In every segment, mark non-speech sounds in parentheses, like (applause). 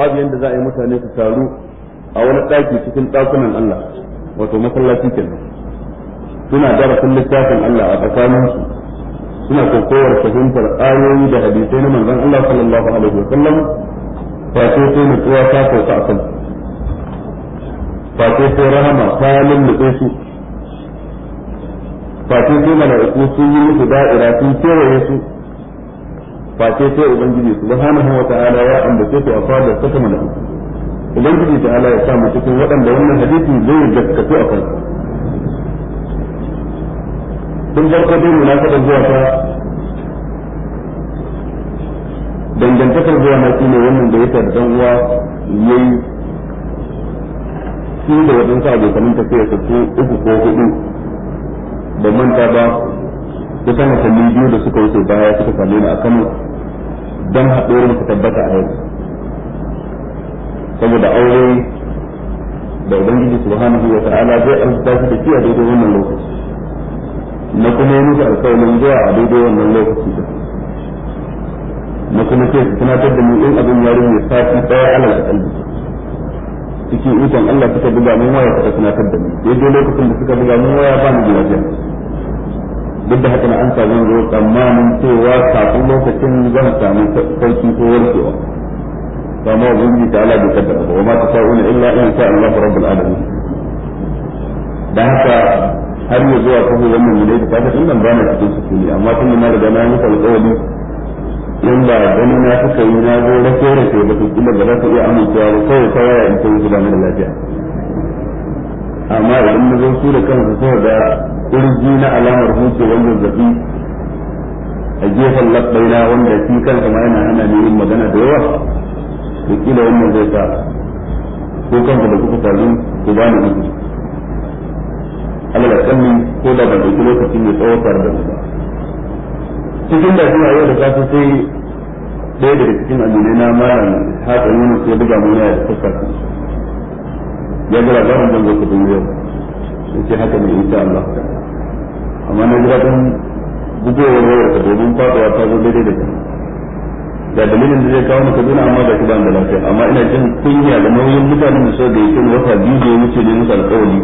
babu yanda za a yi mutane su taru a wani ɗaki cikin ɗakunan Allah wato masallaci kenan suna darasin littafin Allah a tsakanin su suna kokowar fahimtar ayoyi da hadisai na manzon Allah sallallahu alaihi wa sallam ce sai nutsuwa ta ta akan fa ce sai rahama ta lullube su ce sai mala'iku sun yi musu da'ira sun kewaye su face sai ubangiji subhanahu wa ta'ala ya ambace su a fadar ta kuma nan ubangiji ta'ala ya samu cikin waɗanda wannan hadisi zai gaskatu a kansu tun farko dai mu na faɗa zuwa ta dangantakar zuwa na shine wannan da ya ta dan uwa yayi shi da ta abokanin tafiya su uku ko hudu da manta ba kusan watanni biyu da suka wuce baya suka same ni a Kano don haɗuwar mu tabbata a yau saboda aure da ubangiji subhanahu wa ta'ala zai arzuta shi da kiya daidai wannan lokaci na kuma yi musu alƙawarin zuwa a daidai wannan lokaci da na kuma ce su tunatar da mu in abin ya mai sati ɗaya alal akalbi cikin ikon Allah suka buga mun waya suka tunatar da mu daidai lokacin da suka buga mun waya ba mu gina lafiya duk da haka na an samu zo tsammanin cewa kafin lokacin zan samu sauki ko warkewa kama ubangiji ta ala bai kaddara ba ma ta sa wani illa in sa Allah rabbul alamin da haka har yi zuwa kuma wannan mu ne ta in nan ba na cikin su ne amma tun na riga na muku alƙawari in ba gani na suka yi na zo na rake rake ba su kila ba za ta iya amincewa ba kawai kawai in ta yi gudanar da lafiya amma idan mu zo su da kansu sai da kurji na alamar hukewar zabi a gefen labbaina wanda shi kansa ma yana hana ne yin magana da yawa da kila wannan zai sa ko kanka da kuka taru ku bani izini Allah kalli ko da ban da lokaci mai tsawo tare da su ba cikin da suna yau da safe sai ɗaya daga cikin aminai na mara haka yana sai buga mana ya fuska su ya ga labarin zan zo ku yau sai haka ne insha Allah amma na jira don bugowar wayar ka domin fadawa ta zo daidai da kai da dalilin da zai kawo ni kaduna amma ga kiban da lafiya amma ina jin kunya da nauyin mutanen da so da yake wata biyu da wuce ne musu alƙawari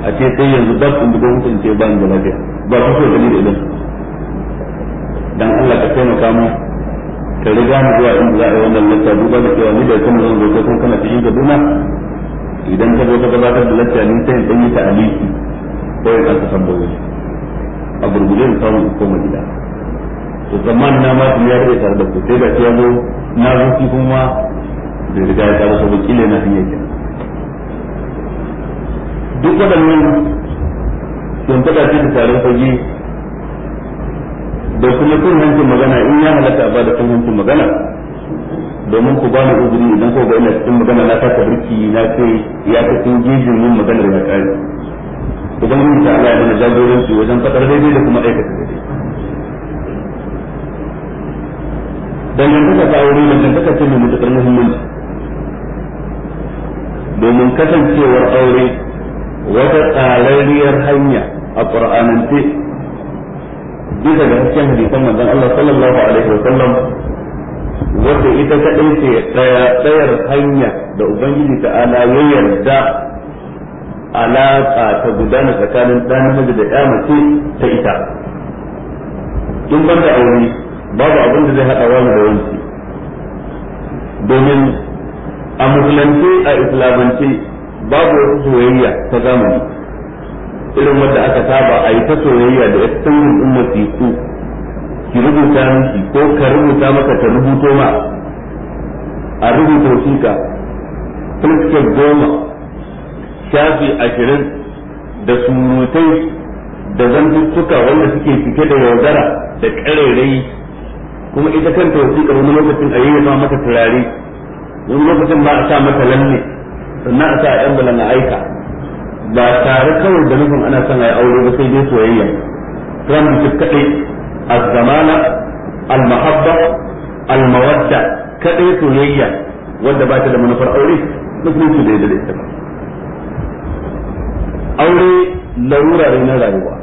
a ce sai yanzu dab in bugo mutum ce ban da lafiya ba ku so dalili idan dan Allah ka taimaka mu ka riga mu zuwa inda za a yi wannan lafiya duba da cewa ni da kuma zan zo kun kana cikin kaduna idan ka zo ka gabatar da lafiya ni sai in danyi ta aliki ko in ka san bawo a gurguje da samun koma gida to zaman na ma ya rage tare da ku sai da ke zo na zo kuma da riga ya tsara saboda kile na hanyar ke duk waɗannan sun faɗa cikin taron fage da kuma kun hancin magana in ya halatta a ba da kun hancin magana domin ku ba ni izini idan ko ga ina cikin magana na ta birki na ce ya ta cin jejin yin maganar ya kare ubangiji ta Allah ya mana jagoranci wajen fadar daidai da kuma aikata daidai dangantaka ta aure dangantaka ce mai matuƙar muhimmanci domin kasancewar aure wata tsararriyar hanya a ƙur'anance bisa ga hasken hadisan manzon Allah sallallahu alaihi wa sallam wanda ita kadai ce tsaya tsayar hanya da ubangiji ta'ala ya yarda alaka ta gudana tsakanin ɗan namiji da ɗa mace ta ita in ban da aure babu abin da zai haɗa wani da wani domin a musulunci a islamance babu wasu soyayya ta zamani irin wanda aka saba a yi ta soyayya da ita taurin ummati ku ki rubuta miki ko ka rubuta maka ta rubuto ma a rubuta wasiƙa fuskar goma shafi ashirin da surutai da zantuttuka wanda suke cike da yaudara da ƙarairayi kuma ita kanta wasiƙa wani lokacin a yi ma mata turare wani lokacin ba a sa mata lalle sannan a sa a yan balan aika ba tare kawai da nufin ana son a yi aure ba sai dai soyayya trump duk kaɗai azzamana almahabba almawadda kaɗai soyayya wadda ba ta da manufar aure musulunci da ya da ba aure larura ne na rayuwa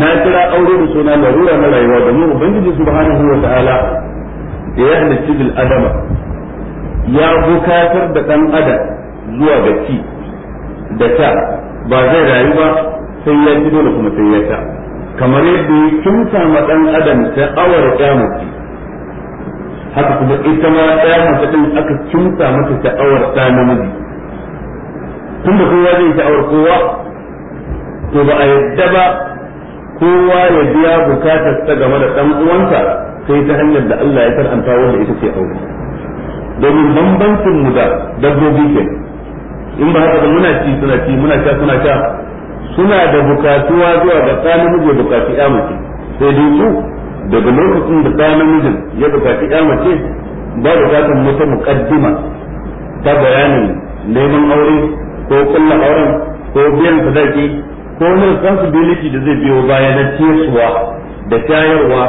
na kira aure da suna larura na rayuwa domin ubangiji subhanahu wa ta'ala da ya halicci bil adama ya bukatar da dan adam zuwa ga ci da ta ba zai rayu ba sai ya ci dole kuma sai ya ta kamar yadda ya kimsa ma dan adam ta awar kyamuki haka kuma ita ma ɗaya mace aka kimsa mata sha'awar ta namiji tun da kowa zai sha'awar kowa to ba a yadda ba kowa ya biya bukatar ta game da dan uwansa sai ta hanyar da Allah ya taranta wanda ita ce aure domin bambancin mu da dabbobi ke in ba haka ba muna ci suna ci muna sha suna sha suna da bukatuwa zuwa ga tsanin da bukatu ya mace sai dai su daga lokacin da tsanin mijin ya bukaci ya mace ba bukatar wata muƙaddima ta bayanin neman aure ko kulla auren ko biyan sadaki ko wani responsibility da zai biyo baya na ciyarwa da tayarwa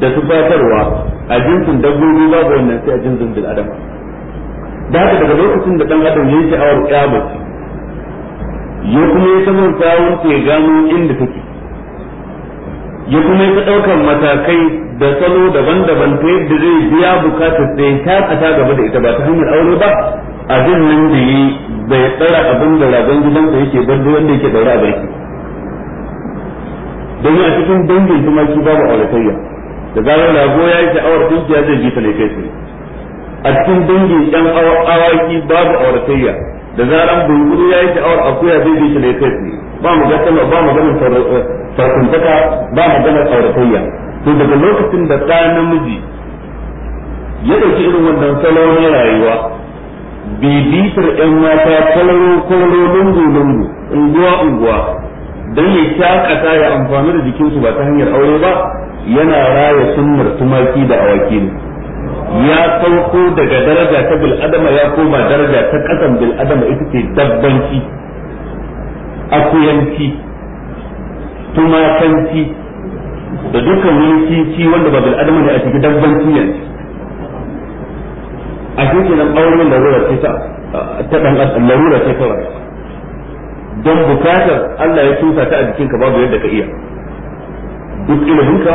da tufatarwa a jinsin dabbobi babu wannan sai a jinsin bil adama da haka daga lokacin da dan adam yayi sha'awar kiyamati ya kuma ya samu tsawon ya gano inda take ya kuma ya ɗaukar matakai da salo daban-daban ta yadda zai biya bukatar sai ta a ta gaba da ita ba ta hanyar aure ba abin nan da yi bai tsara abin da ragon gidansa yake bar wanda yake daura a barki don a cikin dangin shi babu auratayya da zarar rago ya yi sha'awar ya zai ji ta ne a cikin dangin yan awaki babu auratayya da zaran bunkuru ya yi sha'awar akuya zai ji ta ne ba mu gasa ba mu ganin sarkuntaka ba mu ganin auratayya to daga lokacin da ɗa namiji ya ɗauki irin wannan salon rayuwa bibitar yan mata kalaro kalaro lungu lungu unguwa unguwa dan ya shakata ya amfani da jikinsu ba ta hanyar aure ba yana raya sunnar tumaki da awaki ne ya sauko daga daraja ta bil adama ya koma daraja ta kasan bil adama ita ce dabbanci akuyanci tumakanci da dukkan wani ci wanda ba bil adama ne a cikin dabbanci yanzu a shi kenan auren larura ce ta ta dan larura ce ta rayuwa don bukatar Allah ya tusa ta a jikinka babu yadda ka iya duk iliminka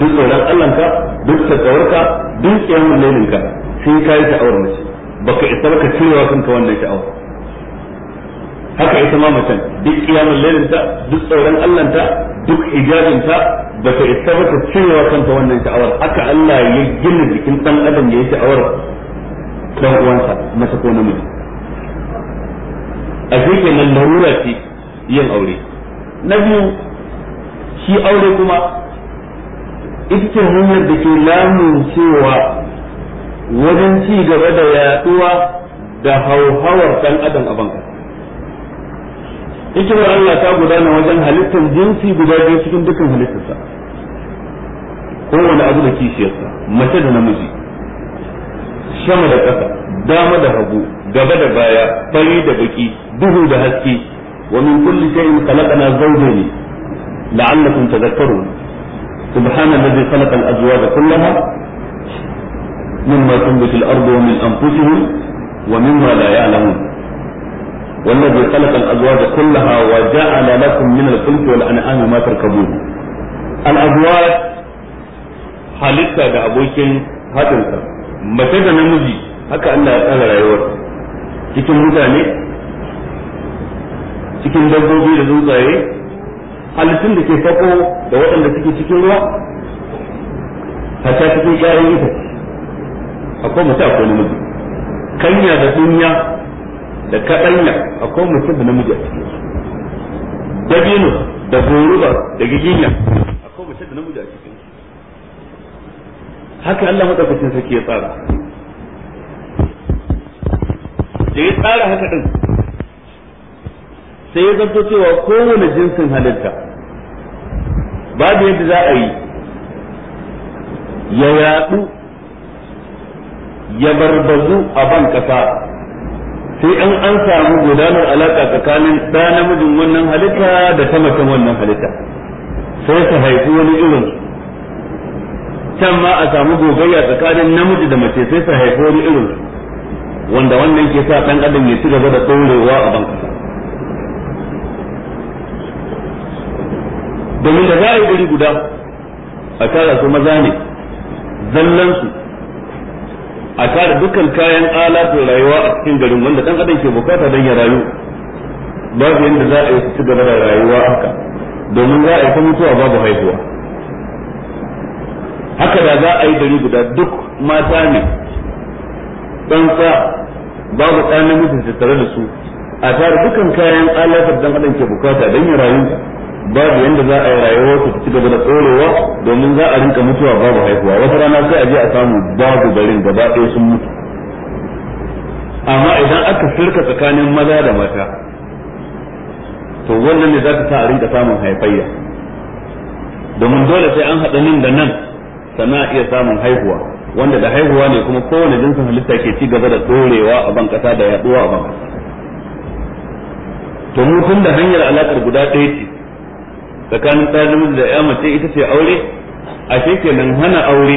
duk tsoron Allahnka duk tsatsawarka duk kiyamun lailinka sun ka ta sha'awar mace baka isa baka cirewa kanka wannan sha'awar haka ita ma macen duk kiyamun lailinta duk tsoron Allahnta duk hijabinta baka isa baka cirewa kanka wannan sha'awar haka Allah ya gina jikin dan adam ya yi sha'awar dan uwansa mace ko namiji a shi kenan larura ce yin aure na biyu shi aure kuma ita ce hanyar da ke lamun cewa wajen ci gaba da yaduwa da hauhawar dan adam a banka hikimar Allah ta gudana wajen halittar jinsi guda biyu cikin dukkan halittarsa kowane abu da kishiyarsa mace da namiji sama da ƙasa dama da hagu gaba da baya fari da baki duhu da haske wa min kulli shay'in khalaqna zawjayn la'allakum tadhakkarun subhana alladhi khalaqa al سبحان الذي خلق الأزواج كلها مما تنبت الأرض ومن أنفسهم ومما لا يعلمون والذي خلق الأزواج كلها وجعل لكم من الفلك والأنعام ما تركبون الأزواج halitta da abokin haɗinsa mace da namiji haka Allah ya tsara rayuwar cikin mutane cikin dabbobi da tsuntsaye halittun da ke fako da waɗanda suke cikin ruwa hatta cikin ƙyayen ita akwai mace akwai namiji kanya da duniya da kaɗanya akwai mace da namiji a cikin dabino da goruba da giginya akwai mace da namiji a cikin haka Allah madaukakin sarki ya tsara da ya tsara haka din sai ya zanto cewa kowane jinsin halitta babu yadda za a yi ya yaɗu ya barbazu a ban kasa sai an an samu gudanar alaka tsakanin ɗa namijin wannan halitta da ta wannan halitta sai su haifi wani irin can ma a samu gogayya tsakanin namiji da mace sai su haifi wani irin wanda wannan ke sa dan adam ya ci gaba da ɗorewa a banka domin da za a yi guri guda a tara su maza ne zallansu a tara dukkan kayan alatun rayuwa a cikin garin wanda dan adam ke bukata don ya rayu babu yadda za a yi su ci gaba da rayuwa haka domin za a yi ta mutuwa babu haihuwa haka da za a yi dari guda duk mata ne sa babu ɗan mutum su tare da su a tare dukan kayan alatar dan adam ke bukata don ya rayu babu yadda za a yi rayuwa su ci gaba da tsorowa domin za a rinka mutuwa babu haihuwa wata rana sai a je a samu babu garin gaba ɗaya sun mutu amma idan aka firka tsakanin maza da mata to wannan ne za ta sa a rinka samun haifayya domin dole sai an haɗa nan da nan sannan iya samun haihuwa wanda da haihuwa ne kuma kowane jinsin halitta ke ci gaba da dorewa a ban kasa da yaduwa a ban kasa to mu tun da hanyar alakar guda ɗaya ce tsakanin tsarin da ya mace ita ce aure a kenan hana aure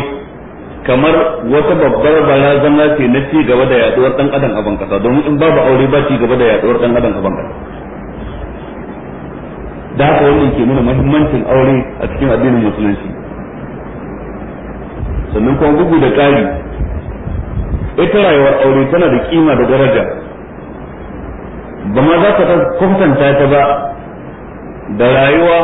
kamar wata babbar barazana ce na ci gaba da yaduwar dan adam a ban kasa domin in babu aure ba ci gaba da yaduwar dan adam a ban kasa da haka wannan ke nuna muhimmancin aure a cikin addinin musulunci sannan kuma bugu da ƙari ita rayuwar aure tana da kima da daraja ba ma za ka kwamfanta ta ba da rayuwa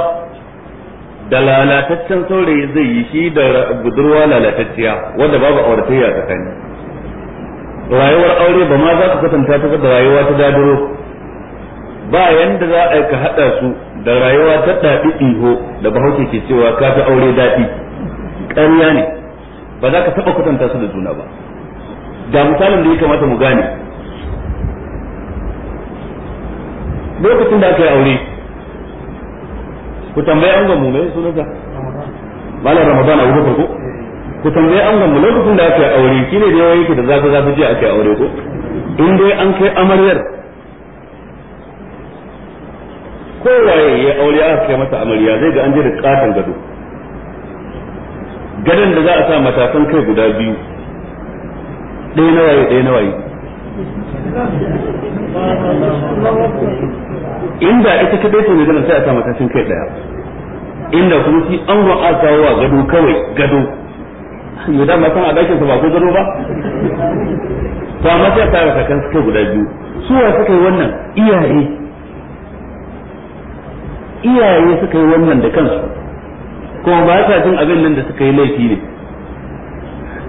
da lalataccen saurayi zai yi shi da budurwa lalatacciya wadda babu auratayya tsakani rayuwar aure ba ma za ka kwamfanta ta da rayuwa ta dadiro ba yanda za a ka haɗa su da rayuwa ta daɗi iho da bahaushe ke cewa ka ta aure daɗi ƙarya ne ba za ka taba kwatanta su da juna ba da misalin da ya kamata mu gane lokacin da aka yi aure ku tambayi an mu mai sunansa malam ramadan abu bakar ku tambayi an mu lokacin da aka yi aure shi ne da yawa yake da zafi zafi jiya aka yi aure ko in dai an kai amaryar kowa ya aure aka kai masa amarya zai ga an je da katon gado gadon da za a sa matakan kai guda biyu ɗaya na waye ɗaya na waye inda ita ka ce mai gadon sai a sa matakan kai ɗaya inda kuma shi an wa a wa gado kawai gado yau dama san a dakin sa ba ko gado ba to amma sai a sa matakan kai guda biyu su wa suka yi wannan iyaye iyaye suka yi wannan da kansu kuma ba sa jin abin nan da suka yi laifi ne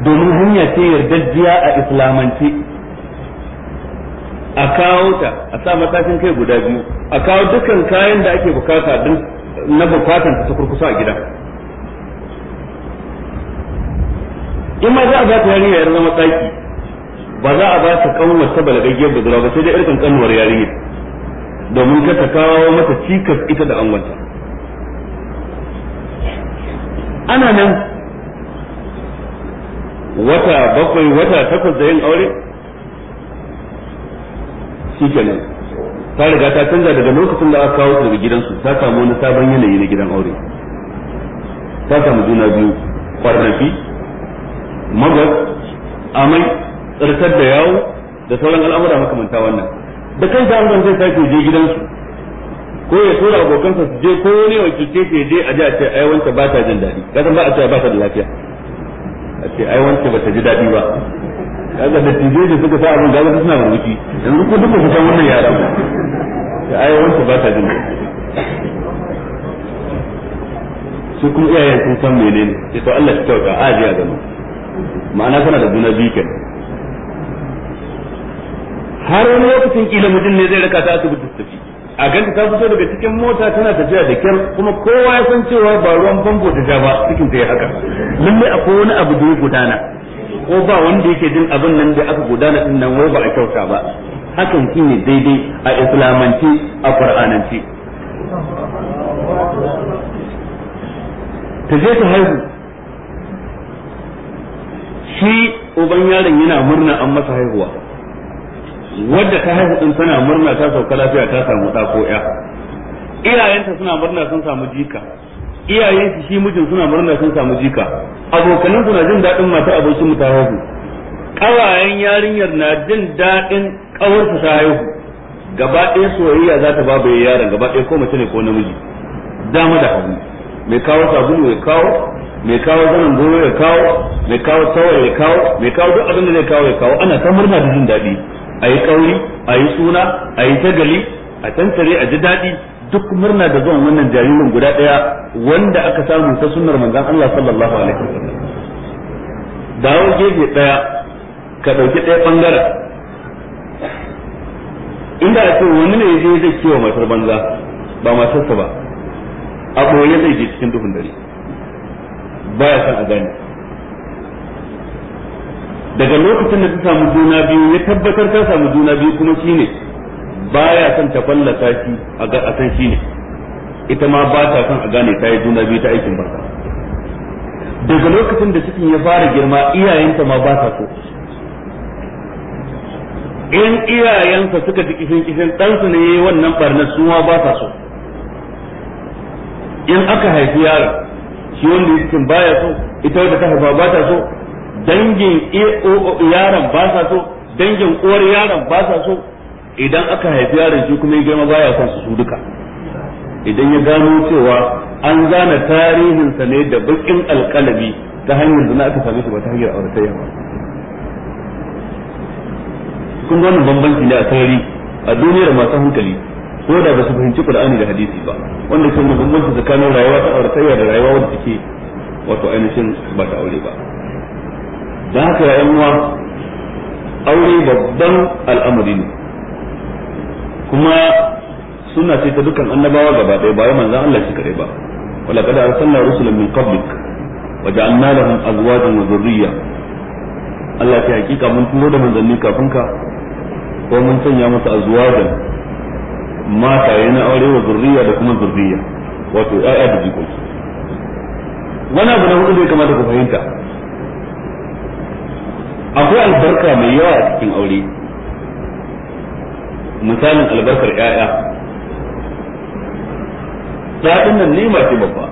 domin hanya ce yardajjiya a islamance a kawo ta a sa matakin kai guda biyu a kawo dukkan kayan da ake bukata din na bukatan ta kurkusa a gida in ma za a ba ta yarinya yar zama tsaki ba za a ba ta kanwar ta balagaggiyar budurwa ba sai dai irkan kanwar yarinya domin ka ta kawo mata cikas ita da angonta ana nan wata bakwai wata takwas da yin aure shi kenan ta riga ta canza daga lokacin da aka kawo su daga gidansu ta samu wani sabon yanayi na gidan aure ta samu juna biyu kwarnafi magas amai tsirtar da yawo da sauran al'amura makamanta wannan da kai ta zai sake je gidansu ko ya tura abokansa su je ko wani kike ce je a ji a ce ai wanta ba ta jin daɗi kasan ba a ce ba ta da lafiya a ce ai wanta ba ta ji daɗi ba kaga da tije da suka sa abin gaba suna rubuci yanzu ko duka su san wannan yara ta ai wanta ba ta jin daɗi su kuma iyayen sun san menene sai to Allah ya kyauta a ji a gano ma'ana kana da juna biyu kenan har wani lokacin kila mutum ne zai raka ta asibiti su tafi a ganta ta fito daga cikin mota tana tafiya da kyar kuma kowa ya san cewa ba ruwan famfo ta ba cikin ta yi haka lalle akwai wani abu da ya gudana ko ba wanda yake jin abin nan da aka gudana din nan wai ba a kyauta ba hakan shine daidai a islamanci a qur'ananci ta je ta haihu shi uban yaron yana murna an masa haihuwa wadda ta haihu din tana murna ta sauka lafiya ta samu ɗa ko ƴa iyayenta suna murna sun samu jika iyayen shi mijin suna murna sun samu jika abokanin suna jin daɗin mata abokin ta haihu ƙawayen yarinyar na jin daɗin ƙawarsa ta haihu gaba ɗaya soyayya za ta babu yaron gaba ɗaya ko mace ne ko namiji dama da hagu mai kawo sabulu ya kawo mai kawo zanen goro ya kawo mai kawo tawa ya kawo mai kawo duk abin da zai kawo ya kawo ana ta murna da jin daɗi a yi ƙauri a yi suna a yi tagali a tantare a ji daɗi duk murna da zuwan wannan jaririn guda ɗaya wanda aka samu ta sunnar manzan Allah sallallahu alaihi wasallam dawo gefe ɗaya ka ɗauki ɗaya ɓangaren inda a ce wani ne zai zai kiwa matar banza ba matarsa ba a ɓoye zai je cikin duhun dare baya san a gane daga lokacin da ta samu juna biyu ya tabbatar ta samu juna biyu kuma shi ba baya son ta fallasa shi a san shi ne ita ma ba ta son a gane ta yi juna biyu ta aikin ba. daga lokacin da cikin ya fara girma iyayenta ma ba ta so in iyayensa suka ji kishin kishin ɗansu ne yayi wannan barnar su ba ta so in aka haifi yaron shi wanda ya cikin baya so ita wadda ta haifa ba ta so dangin yaron ba sa so dangin uwar yaron ba sa so idan aka haifi yaron shi kuma ya girma baya son su duka idan ya gano cewa an zana tarihinsa ne da bakin alkalami ta hanyar zina aka same shi ba ta hanyar auratayya ba kun wannan bambanci ne a tarihi a duniyar masu hankali ko da ba su fahimci qur'ani da hadisi ba wanda ke bambanci tsakanin rayuwa ta auratayya da rayuwa wanda take wato ainihin ba ta aure ba da haka ya uwa aure babban al'amari ne kuma suna ce ta dukkan annabawa gaba ɗaya ba manzan Allah shi kare ba wala kada arsalna rusulan min qablik wa ja'alna lahum azwajan wa dhurriyya Allah ya hakika mun turo da manzanni kafin ka ko mun sanya musu azwajan mata yana aure wa zurriya da kuma zurriya wato ƴaƴa da jikoki wani abu na hudu da ya kamata ku fahimta akwai albarka mai yawa a cikin aure misalin albarkar ta ɗaɗin nan nema ce babba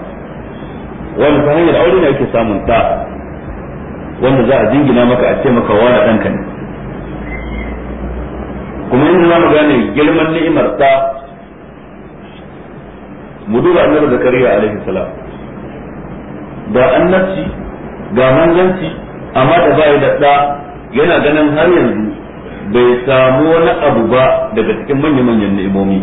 wanda ta hanyar aure ne ake samun ta wanda za a jingina maka a ce maka wani ɗanka ne kuma yanzu za mu gane girman ni'imar ta mu duba annabi zakariya alaihi salam ga annabci ga manzanci amma da bai da da yana ganin har yanzu bai samu wani abu ba daga cikin manya-manyan ni'imomi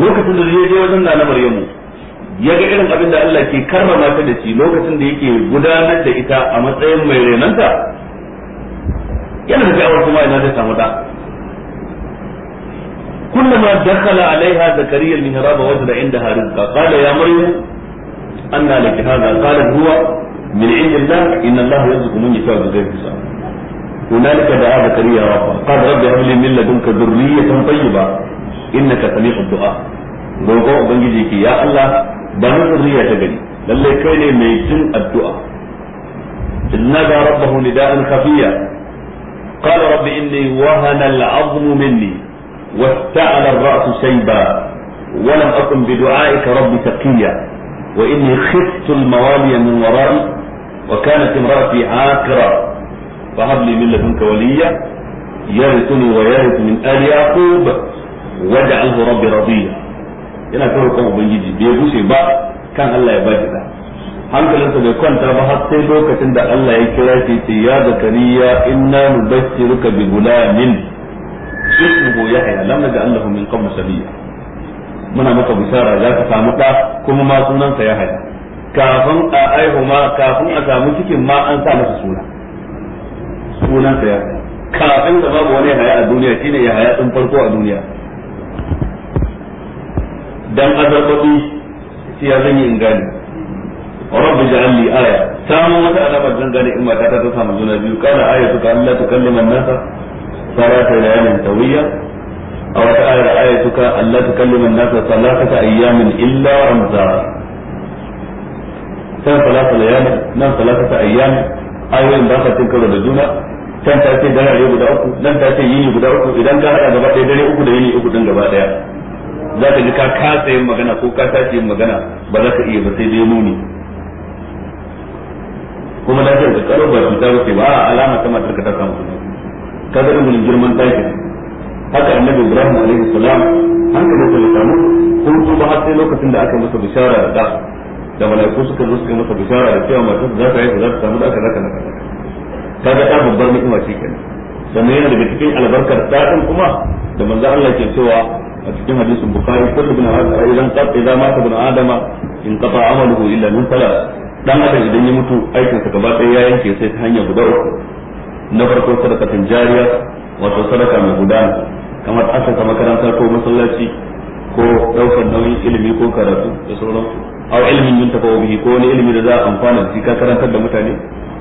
lokacin da zai je wajen na maryamu ya ga irin abin da Allah ke karrama ta da shi lokacin da yake gudanar da ita a matsayin mai renanta yana da sha'awar kuma ina zai samu da kullum dakala alaiha zakariya al-mihrab inda indaha rizqa qala ya maryam anna laki hadha qala huwa min indillah inna allaha yarzuqu man yasha'u bighayri hisab هنالك دعا زكريا ربه قال رب هب لي من لدنك ذرية طيبة إنك سميع الدعاء roƙon ubangiji ki ya Allah ba ni zuriya ta gari lalle kai ne mai jin addu'a inna ga rabbahu nida'an khafiya qala rabbi inni wahana al'azmu minni wasta'ala ar bi rabbi taqiya وإني خفت الموالي من ورائي وكانت امرأتي عاكرة فهب لي من لدنك وليا يرثني ويرث من آل يعقوب واجعله ربي رضيا إلى كركم بن جيجي بيبوسي با كان الله يبادئ ذا هم قال أنت بيكون تربها تيبوك تند الله يكراتي يا زكريا إنا نبشرك بغلام اسمه يحيى لم نجعل له من قبل سبيل muna maka bishara za ka samu ɗa kuma ma sunansa ya haya kafin a aihu ma kafin a samu cikin ma an sa masa suna sunansa ya haya kafin da babu wani haya a duniya shine ya haya ɗin farko a duniya dan azarbaɗi shi ya zanyi in gani rabbi ja'al li aya samun wata alama zan gani in mata ta samu juna biyu kana ayatu suka Allah tukallima an-nasa salata layalin tawiyya a wata ayar ayatuka Allah ta kallima nasa salasata ayyamin illa ramza san salasa layali nan salasata ayyam ayoyin ba sa cin karo da juna can ta ce dare guda uku nan ta ce yini guda uku idan ka hada gaba ɗaya dare uku da yini uku din gaba ɗaya za ka ji ka kasa yin magana ko ka tashi yin magana ba za ka iya ba sai dai nuni kuma lafiyar da karo ba cuta ba ce ba a alama ta matar ka ta samu kaga irin girman ɗakin haka annabi ibrahim alaihi salam hankalin sa ya samu kun su har sai lokacin da aka masa bishara da da da malaiku suka zo suka masa bishara da cewa matar za ta haihu za ta samu da aka zaka naka ga ta babbar ni'ima ce kenan sannan yana daga cikin albarkar ɗaɗin kuma da manzo Allah ke cewa a cikin hadisin bukhari kullu bin a idan qad idza mata bin adama in qata amaluhu illa min salat dan adam idan ya mutu aikin sa gaba ɗaya ya yanke sai ta hanya guda uku na farko sadaqatan jariya wato sadaka mai gudana kamar asasa makaranta ko masallaci ko daukar nauyin ilimi ko karatu da sauransu aw ilmin min tafawo bihi ko wani ilimi da za a amfana da shi ka karantar da mutane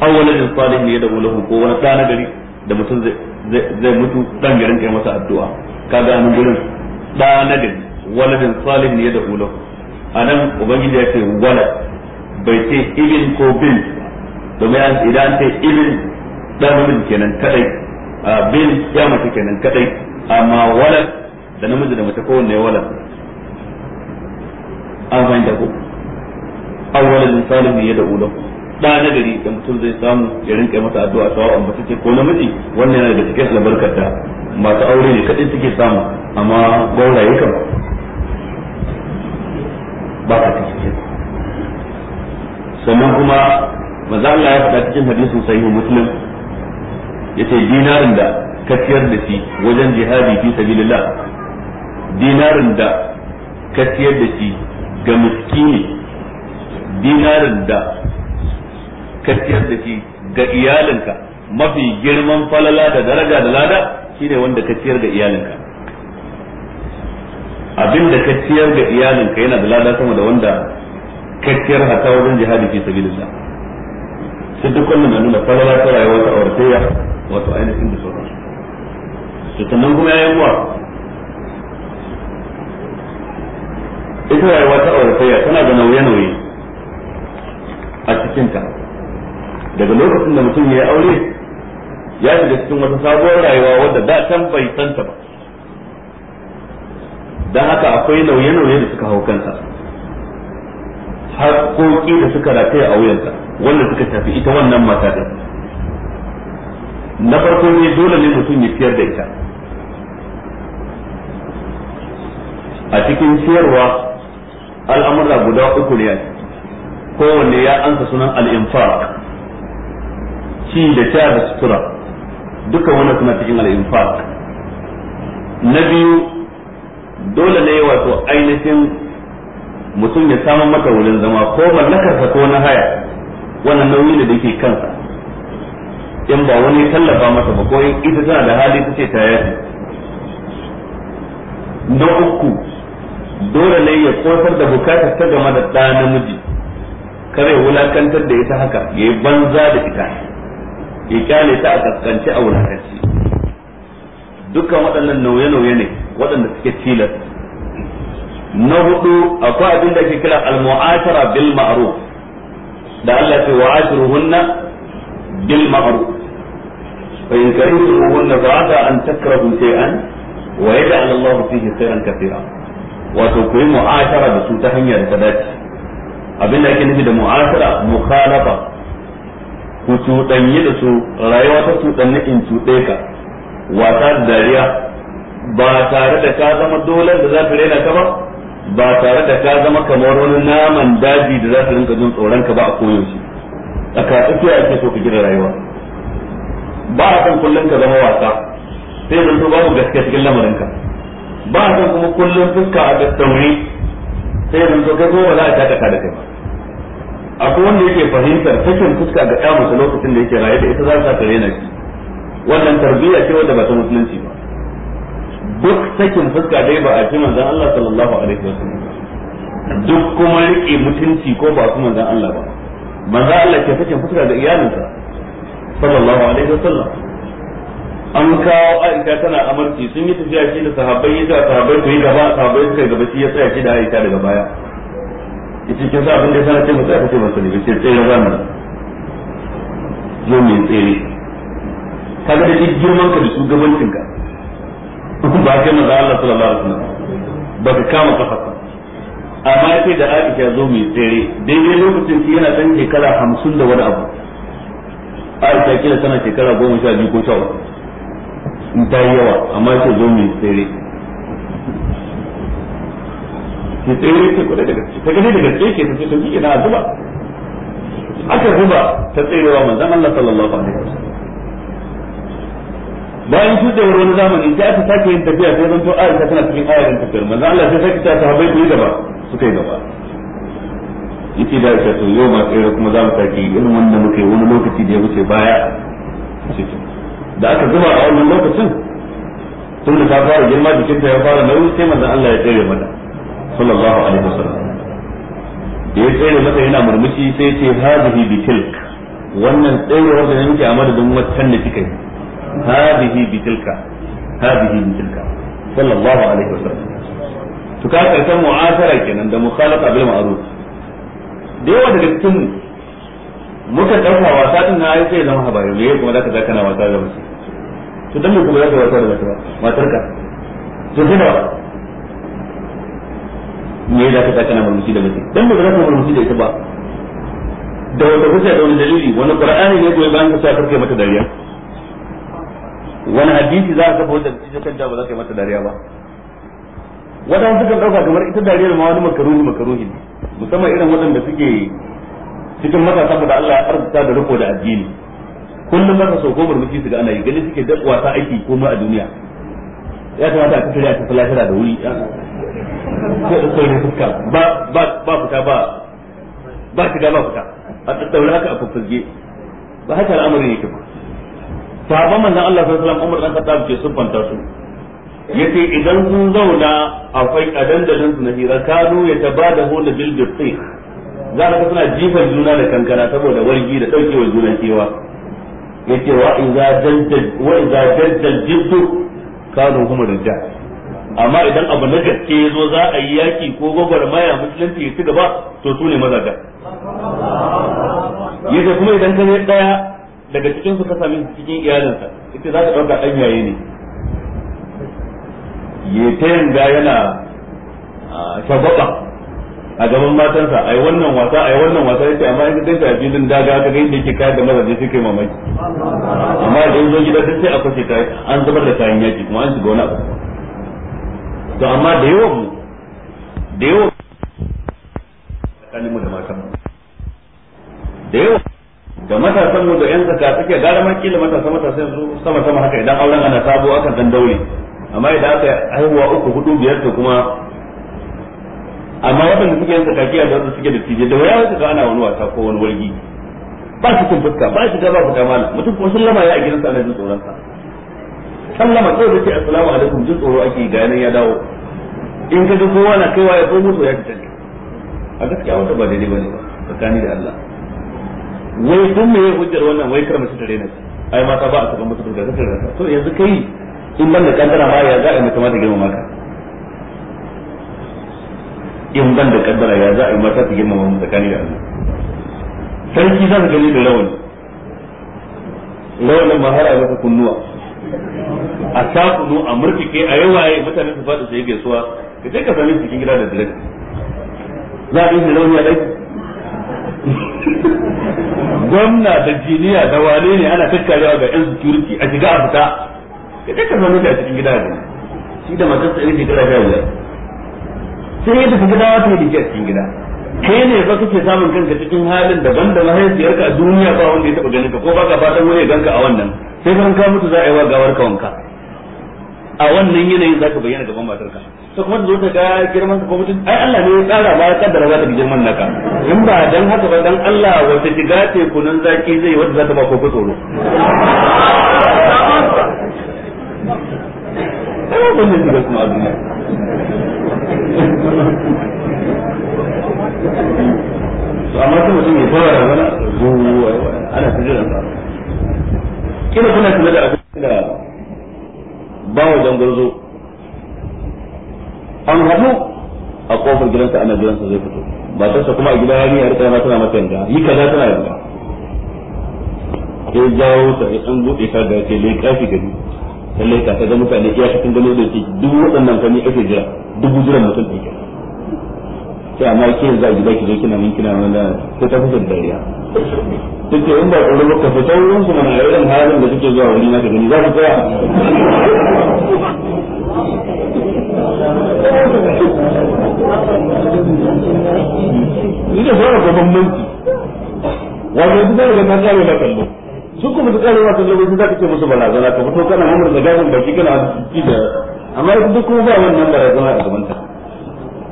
aw wani salihin ya dawo lahu ko wani dana gari da mutum zai mutu dan garin kai masa addu'a kaga an gurin dana gari waladin salihin ya dawo lahu anan ubangiji ya ce wala bai ce ibin ko bin domin idan ta ibin dan kenan kadai bin ya mutu kenan kadai amma walad da namiji da mace ko wanne walad an fahimta ko awwalan salihu ya da ulam da na gari da mutum zai samu ya rinka masa addu'a sawa amma take ko namiji wannan yana daga cikin albarkar da masu aure ne kadai suke samu amma gauraye kan ba ka cikin sannan kuma maza Allah ya faɗa cikin hadisin sahihu muslim yace dinarin da ka ciyar da shi wajen jihadi fi sabilillah dinarin da ka ciyar da shi ga miskini dinarin da ka ciyar da shi ga iyalinka mafi girman falala da daraja da lada shine wanda ka ciyar ga iyalinka abin da ka ciyar ga iyalinka yana da lada sama da wanda ka ciyar hata wajen jihadi fi sabilillah sai duk wannan na nuna falala ta rayuwar ta aurtayya wato ainihin da sauran to sannan kuma ya yi kuwa ita rayuwa ta auratayya tana da nauye-nauye a cikinta daga lokacin da mutum ya yi aure ya shiga cikin wata sabuwar rayuwa wadda da can bai santa ba don haka akwai nauye-nauye da suka hau kansa haƙoƙi da suka rataya a wuyanta wanda suka shafi ita wannan mata na farko ne dole ne mutum ya fiyar da ita a cikin siyarwa al'amura guda uku ne kowanne ya ansa sunan al'infaq ci da sha da sutura duka wannan suna cikin al'infaq na biyu dole ne wato ainihin mutum ya samu mata wurin zama ko mallakarsa ko na haya wannan nauyi ne da ke kansa in ba wani tallafa masa ba ko ita tana da hali ta ce ta yafi na uku dole ne ya kosar da bukatar ta game da ɗa namiji kare wulakantar da ita haka ya yi banza da ita ya kyale ta a kaskance a wulakanci dukkan waɗannan nauye-nauye ne waɗanda suke tilas na hudu akwai abin da ake kira al-mu'ashara bil ma'ruf da Allah ce wa ashruhunna bil ma'ruf fa in za a asa an takrahu shay'an wa yaj'al Allah fihi khairan katira wato ku yi mu'ashara da su ta hanyar da ta dace abin da ake nufi da mu'ashara mukhalafa ku cuɗanyi da su rayuwa ta cuɗanni in tuɗe ka wasa da dariya ba tare da ka zama dole da za ka rena ka ba ba tare da ka zama kamar wani naman daji da za ka rinka jin tsoron ka ba a koyaushe a katsakiya ake so ka gina rayuwa ba a kan kullum ka zama wasa sai zan babu gaske cikin lamarinka ba ka kuma kullum fuska a daddaure sai yanzu kai zo ba za a takata da kai ba akwai wanda yake fahimtar sakin fuska ga ɗaya mace lokacin da yake raye da ita za ta tare na shi wannan tarbiyya ce wanda ba ta musulunci ba duk sakin fuska dai ba a ci manzon Allah sallallahu alaihi wasallam duk kuma rike mutunci ko ba kuma manzon Allah ba za Allah ke sakin fuska ga iyalinsa sallallahu alaihi wasallam an kawo Aisha tana amarci sun yi tafiya shi da sahabbai yasa sahabbai ku yi gaba sahabbai suka gaba shi ya tsaya shi da Aisha daga baya yace kin sa abin da sana ce masu ta ce masa ne ce tsere ba nan zo mai tsere kaga da duk girman ka da shugabancin ka ba ka yi maza Allah sallallahu alaihi wasallam ba ka kama kafa amma ya yace da Aisha zo mai tsere daidai lokacin shi yana ɗan shekara hamsin da wani abu Aisha kila tana shekara goma sha biyu ko sha uku in ta yawa amma ce zo mai tsere ke tsere ce kwarai da gaske ta gani da gaske ke ta ce ta kike na zuba aka zuba ta tserewa manzon Allah sallallahu alaihi wasallam bayan shudewar wani zamani sai aka sake yin tafiya sai zanto Aisha tana cikin ayarin tafiyar manzon Allah sai sake ta sahabbai ku yi gaba suka yi gaba yace da Aisha to yau ma tsere kuma za mu sake irin wanda muke wani lokaci da ya wuce baya da aka zuba a wannan lokacin tun da ta fara girma jikinta ya fara nauyi sai manzon Allah ya tsere mata sallallahu alaihi wasallam da ya tsere mata yana murmushi sai ce hadhihi bi tilk wannan tsere wanda ne muke a madadin wancan da kika hadhihi bi tilka hadhihi bi tilka sallallahu alaihi wasallam to ka karshen mu'asara kenan da mukhalafa bil ma'ruf da yawa daga cikin muka ɗauka wasa din na yi sai zama habari me kuma zaka zaka na wasa da mutum to dan me kuma zaka wasa da mutum ba matar ka to kina ba me zaka zaka na mutum da mutum dan me zaka mutum da ita ba da wanda kusa da wani dalili wani qur'ani ne goyi bayan ka sa karkai mata dariya wani hadisi za ka da wanda kike kanta ba za ka yi mata dariya ba wadanda suka dauka kamar ita dariyar ma wani makaruni makaruni ne musamman irin wadanda suke cikin matasa da Allah ya arzuta da riko da addini kullum masa sau goma rubuci su ga ana yi gani suke da wasa aiki ko a duniya ya kamata a kasar ya tafi lafiya da wuri ko in saurin fuska ba ba fita ba ba shiga ba fita a tattaure haka a fafirge ba haka al'amarin yake ba sahabban manzon Allah sallallahu alaihi wasallam Umar dan Khattab ke sunfanta su yace idan sun zauna akwai a dandalin su na hira kanu ya tabadahu da bil bisih za ka suna jifan juna da kankana saboda wargi da ɗaukewar juna cewa ce wa in za wa idza jaddal jiddu kanu hum rijal amma idan abu na gaske ya zo za a yi yaƙi ko gwagwarmaya musulunci ya ci gaba to su ne mazaja yace kuma idan ka ne ɗaya daga cikin su ka sami cikin iyalinsa ita za ka ɗauka ɗan yaye ne ya ta yanga yana ah, shagwaba a gaban matansa ai wannan wasa ai wannan wasa yace amma in dai ta filin daga ka ga inda yake kayar da mazaje suke mamaki amma idan zo gida sai a kwace ta an zubar da kayan yaki kuma an shiga wani abu to amma da yawa mu da yawa tsakanin da matan mu da yawa da matasan mu da yan zaka suke gara ma kila matasa matasa yanzu sama sama haka idan auren ana sabo akan dan daure amma idan aka haihuwa uku hudu biyar to kuma amma waɗanda suke yin tsakakiya da wasu suke da tije da waya wata ana wani wasa ko wani wargi ba su kun fuska ba shi ba fita mana mutum ko lama ya a gidansa ana jin tsoron sa lama kawai da ce assalamu alaikum jin tsoro ake ga yanan ya dawo in ka ga kowa na kaiwa ya komo to ya fita ne a gaskiya wata ba daidai bane ba tsakani da Allah wai duk me hujjar wannan wai kar mace ta shi ai mata ba a saka musu da kasar to yanzu kai in ban da kaddara ma ya za a yi mutum da girmama ka in ban da kaddara ya za a yi mata su girma mu tsakani da Allah sarki za su gani da rawani rawanin ma har a masa kunnuwa a sakunu a murtike a yawaye mutane su fada su yi gaisuwa ka je ka sami cikin gida da direct za a yi da rawani a dai gwamna da jiniya da wane ne ana kakkarewa ga yan security a shiga a fita ka je ka sami cikin gida da shi da matarsa irin shekara sha biyar sai yadda ka gida wata yadda a cikin gida kai ne ba suke samun kanka cikin halin daban da mahaifiyarka a duniya ba wanda ya taba ganin ka ko ba ka fatan wani ya ganka a wannan sai ka ka mutu za a yi wa gawar ka wanka a wannan yanayin za ka bayyana gaban matarka to kuma ta zo ta ga girman ka ko mutum ai Allah ne ya tsara ba ya kaddara za ta bi girman naka in ba dan haka ba dan Allah wata shiga ce kunun zaki zai wata za ta ba ko ko tsoro kuma wannan shiga kuma a duniya to amma kuma mutum ya fara wani zuwa ana fijiran sa a ana zai fito kuma a gidan yarinya tana mata yanda, yi kaza tana yanda. jawo ta ya buɗe ka da ke lai gari lallai ka ta ga mutane iya cikin gano da ke duk waɗannan fani ake jira dubu jiran mutum ɗin kenan sai amma ke yanzu a gida ki zo kina min kina mana sai ta fusa dariya take in ba tsoron ka fita wurin su mana irin halin da suke zuwa wani na da gani za ku tsaya ni da fara gaban manki wanda duk da ga kan zawo da kallo su kuma su kare wasu lokacin za zaka ce musu barazana ka fito kana mamar da gajin baki kana ji da amma duk kuma ba wannan barazana a gaban ta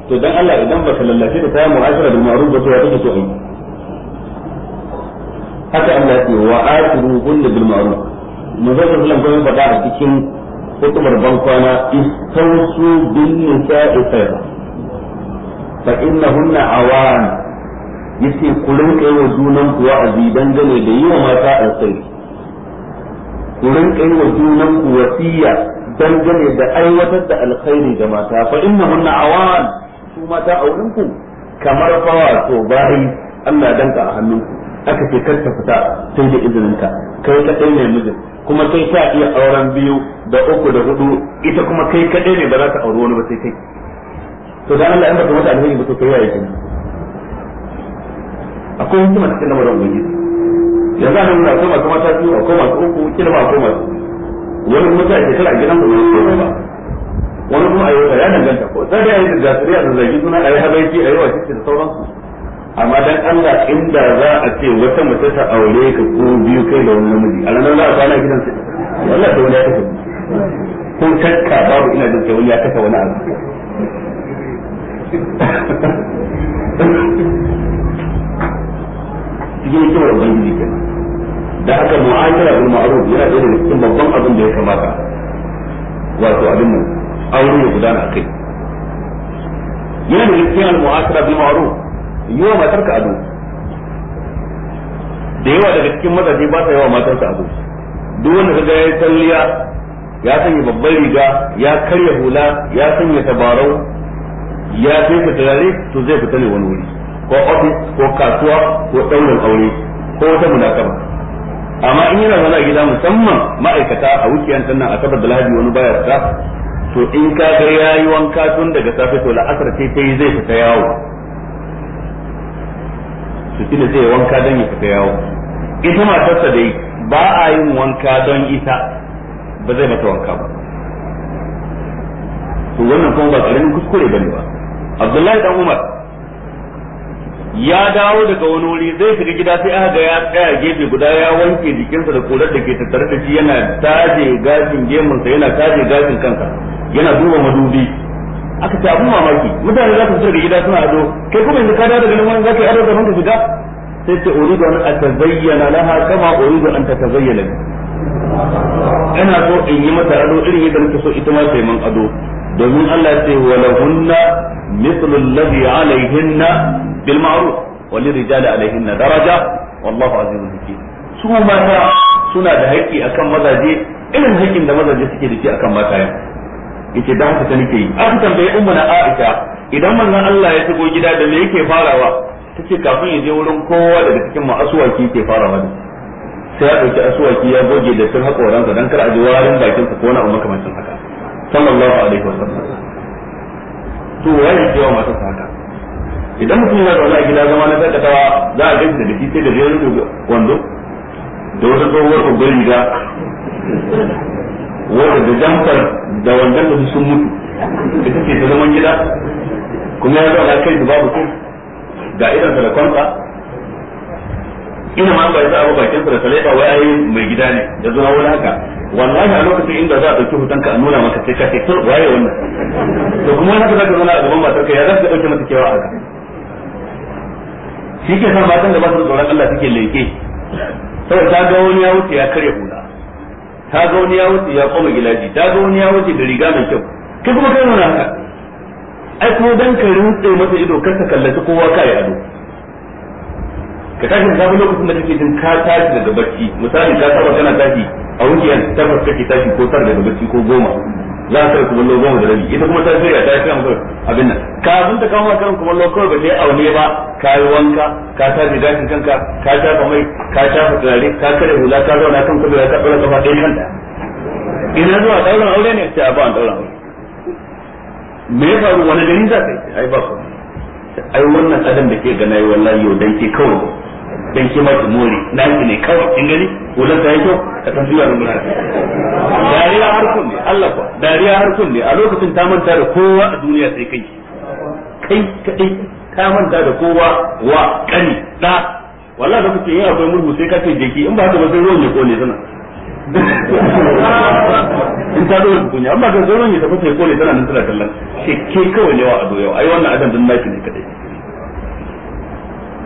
to dan Allah idan baka lallace da kayan mu'ashara da ma'ruf ba to ya kake so in haka Allah ya ce wa ashiru kullu bil ma'ruf manzo sallallahu alaihi wasallam faɗa a cikin hukumar bankwana istawsu bin nisa'i khayra fa innahunna awan yace ku rinka yi wa junan ku wa'azi dangane da yi wa mata alkhairi ku rinka yi wa junan ku wasiya dangane da aiwatar da alkhairi ga mata fa innahunna awan su mata auren ku kamar fawa to bayi Allah danka a hannunku aka ce kar ta fita sai da izininka kai ka ne mijin kuma kai ta iya auren biyu da uku da hudu ita kuma kai dai ne ba za ta auri wani ba sai kai to dan Allah in ba ta mata alheri ba to kai ya yi akwai hikima cikin lamarin ubangiji yanzu a nan akwai masu mata biyu akwai masu uku kila ba akwai masu wani mutum a shekara gidan kuma ko ba wani kuma a yau ya danganta ko sai da yi da a da zagi suna a yi habaiki a yi wa cikin sauransu amma dan Allah inda za a ce wata mace ta aure ka ko biyu kai da wani namiji a nan za a kwana gidan sai wallahi da wani ya kafa ko shakka babu ina da wani ya kafa wani abu (laughs) cikin hikimar ubangiji kenan da aka mu'ashara bil ma'ruf yana da daga cikin babban abin da ya kamata wato abin nan aure ya gudana kai yana da cikin al-mu'ashara bil ma'ruf yi wa ka ado da yawa daga cikin mazaje ba sa yawa matar ka ado duk wanda kaga ya salliya ya sanya babban riga ya karya hula ya sanya tabarau ya fesa turare to zai fita ne wani wuri ko ofis ko kasuwa ko ɗaurin aure ko wata munakaba amma in yana zama a gida musamman ma'aikata a wukiyar sannan a sabar da lahadi wani bayar ta to in ka ga yayi wanka tun daga safe to la'asar sai ta yi zai fita yawo su tuna zai wanka don ya fita yawo ita matarsa dai ba a yin wanka don ita ba zai mata wanka ba to wannan kuma ba karamin kuskure bane ba Abdullahi dan Umar ya dawo daga wani wuri zai shiga gida sai aka ga ya tsaya gefe guda ya wanke jikinsa da kodar da ke tattare da shi yana taje gashin gemunsa yana taje gashin kansa yana duba madubi aka ce abun mamaki mutane za su fito daga gida suna ado kai kuma yanzu ka dawo daga nan za ka yi ado da ka shiga sai ce uridu an na laha kama uridu an tatazayyana ina so in yi mata ado irin yadda nake so ita ma sai yi man ado domin Allah ya ce wa lahunna mithlu alladhi alaihinna bil ma'ruf wal rijali alaihinna daraja wallahu azizun hakim su mata suna da haƙƙi akan mazaje irin haƙƙin da mazaje suke da shi akan mata yace da haka ta nake yi aka tambaye ummu na Aisha idan manzon Allah ya shigo gida da me yake farawa tace kafin ya je wurin kowa daga cikin asuwaki yake farawa da sai ya dauki asuwaki ya goge da sun haƙoransa dan kar a ji warin bakin ko haka alaihi idan mutum ya zaune a gida zama na dakatawa za a gaji da shi sai da jerin wando da wata tsohuwar babbar riga wanda da jamfar da wandan da sun mutu da take ta zaman gida kuma ya zauna kai da babu kai ga idan da kwanta ina ma ba bai sa bakin sa da salaiba wai mai gida ne da zuwa wani haka wallahi a lokacin inda za a dauki hutanka ka nuna maka sai ka ce waye wannan to kuma wani haka zaka zauna a gaban matarka ya zaka dauke mata kewa haka shi ke san matan da ba su tsoron Allah suke leke sai ta ga wani ya wuce ya karya hula ta ga wani ya wuce ya koma gilaji ta ga wani ya wuce da riga mai kyau kai kuma kai nuna haka ai kuma dan ka rutse masa ido kar ka kallaci kowa yi ado ka tashi da sabon lokacin da kake jin ka tashi daga barci misali ka saba kana tashi a wuce yan tabbas kake tashi ko tar daga barci ko goma za ka kumallo goma da rabi ita kuma ta shirya ta shirya maka abin nan kafin ta kawo karin kuma kawai ba sai aune ba ka yi wanka ka tafi gashin kanka ka shafa mai ka shafa turare ka kare hula ka zauna kan kudura ka ɗora kafa ɗaya kan ina zuwa ɗauran aure ne a ba an ɗauran aure me ya faru wani gari za ka yi ai ba ku ai wannan adam da ke gana yi wallahi yau dan ke kawai dan ke ma more na ki ne kawai kin gani hular ta yake ka san zuwa nan muna dariya har kunne Allah ko dariya har kunne a lokacin ta manta da kowa a duniya sai kai kai kai ka manta da kowa wa kani da wallahi lokacin yin akwai murhu sai ka ce jeki in ba haka ba sai ruwan ya kone sana in ta dole kunya amma ga zoron ya tafi sai kone tana nan tana kallon ke kawai ne wa ado yau ai wannan adam din naki ne kadai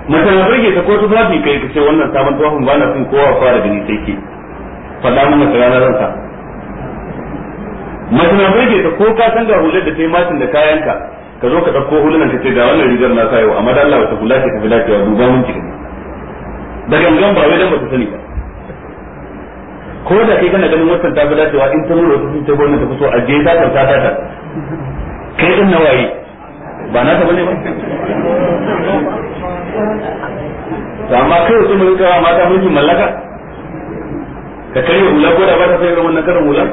mace na burge ta ko tufafi kai ka ce wannan sabon tufafin ba na sun kowa fara gani sai ke faɗa mun mace ranar ransa mace na burge ta ko ka san ga hular da ta matin da kayanka ka zo ka ɗauko hulɗar ka ce ga wannan rigar na sa yau amma da Allah wata kula ce ta fi lafiya duba mun cikin da gangan ba wai dan ba ta sani ba ko da kai kana ganin wannan ta fi dacewa in ta nuna wata sun ta gwamnati ta fito a je ta ta ta ta kai din nawaye ba na ta bane ba to amma kai su mun kawo mata mulkin mallaka ka karya hula ko da ba ta sayar wannan karin hula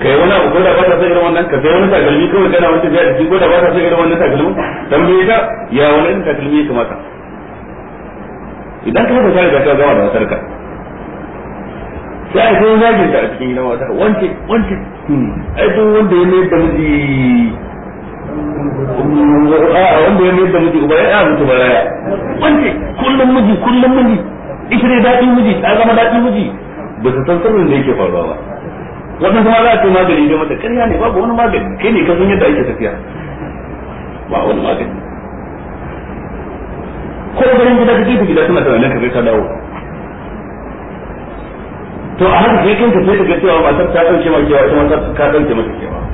ka yi wani abu ko da ba ta sayar wannan ka sai wani takalmi kawai kana wani tafiya jiki ko da ba ta sayar wannan takalmi dan me ka ya wani irin takalmi ka mata. idan ka ba sai ka gama da wasar ka sai a sai zagin ta a cikin gidan wata wance wance hmm. ai duk wanda ya ne da miji a'a wanda ya mayar da miji uba ya mutu baraya wanda kullum miji kullum miji ita ne daɗin miji ta zama daɗin miji ba su san sirrin da yake faruwa ba wannan kuma za a ce magani ne mata ƙarya ne babu wani magani kai ne ka san yadda ake tafiya ba wani magani ko garin gida ka jefa gida tana da ka kai ta dawo to a haka kai kanka sai ka cewa matar ta ɗauke ma cewa ita matar ka ɗauke mata kewa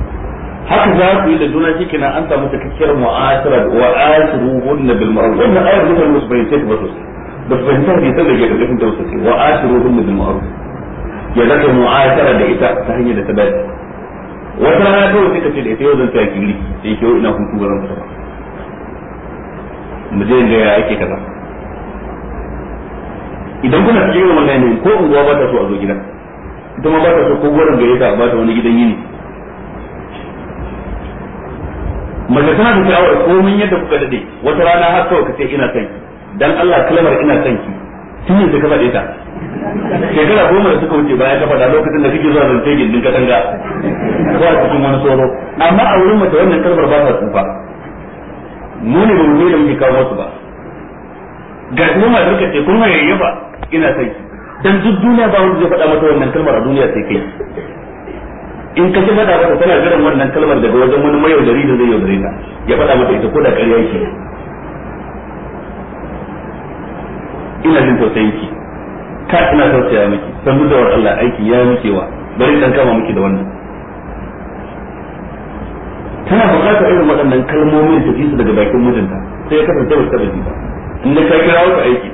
haka za ku yi da juna shi kenan an samu cikakkiyar mu'asira wa asiru hunna bil ma'ruf wannan ayar mutane su bayyana ta ba sosai Da su fahimta ne san da ke karkashin ta wasu wa asiru hunna bil ma'ruf ya zaka mu'asira da ita ta hanyar da ta dace wata rana ta wuce kace da ita yau zan tsaya kiri sai ke ina hutu ba zan ba mu je inda ya ake kaza idan kuna cikin wannan ne ko unguwa ba ta so a zo gidan ita ma ba ta so ko gurin ta ba ta wani gidan yini mace tana da sha'awar komin yadda kuka dade wata rana har kawai ce ina son ki dan Allah kalmar ina son ki tun yanzu ka faɗe ta shekara goma da suka wuce baya ka faɗa lokacin da kake zuwa zance gindin katanga ko a cikin wani tsoro amma a wurin mace wannan kalmar ba ta tsufa mu ne ba mu ne da muke kawo su ba ga kuma ma duka ce kuma yayyafa ina son ki dan duk duniya ba wanda zai faɗa mata wannan kalmar a duniya sai kai in ka ji faɗa mata tana jiran wannan kalmar daga wajen wani mayaudari da zai yaudare ta ya faɗa mata ita ko da ƙarya yake ina jin tausayin ki ka ina tausaya miki san gudawar Allah aiki ya miki wa bari dan kama miki da wannan tana buƙatar irin waɗannan kalmomin ta su daga bakin mijinta sai ya kasance ba ta ba in da ka kira wata aiki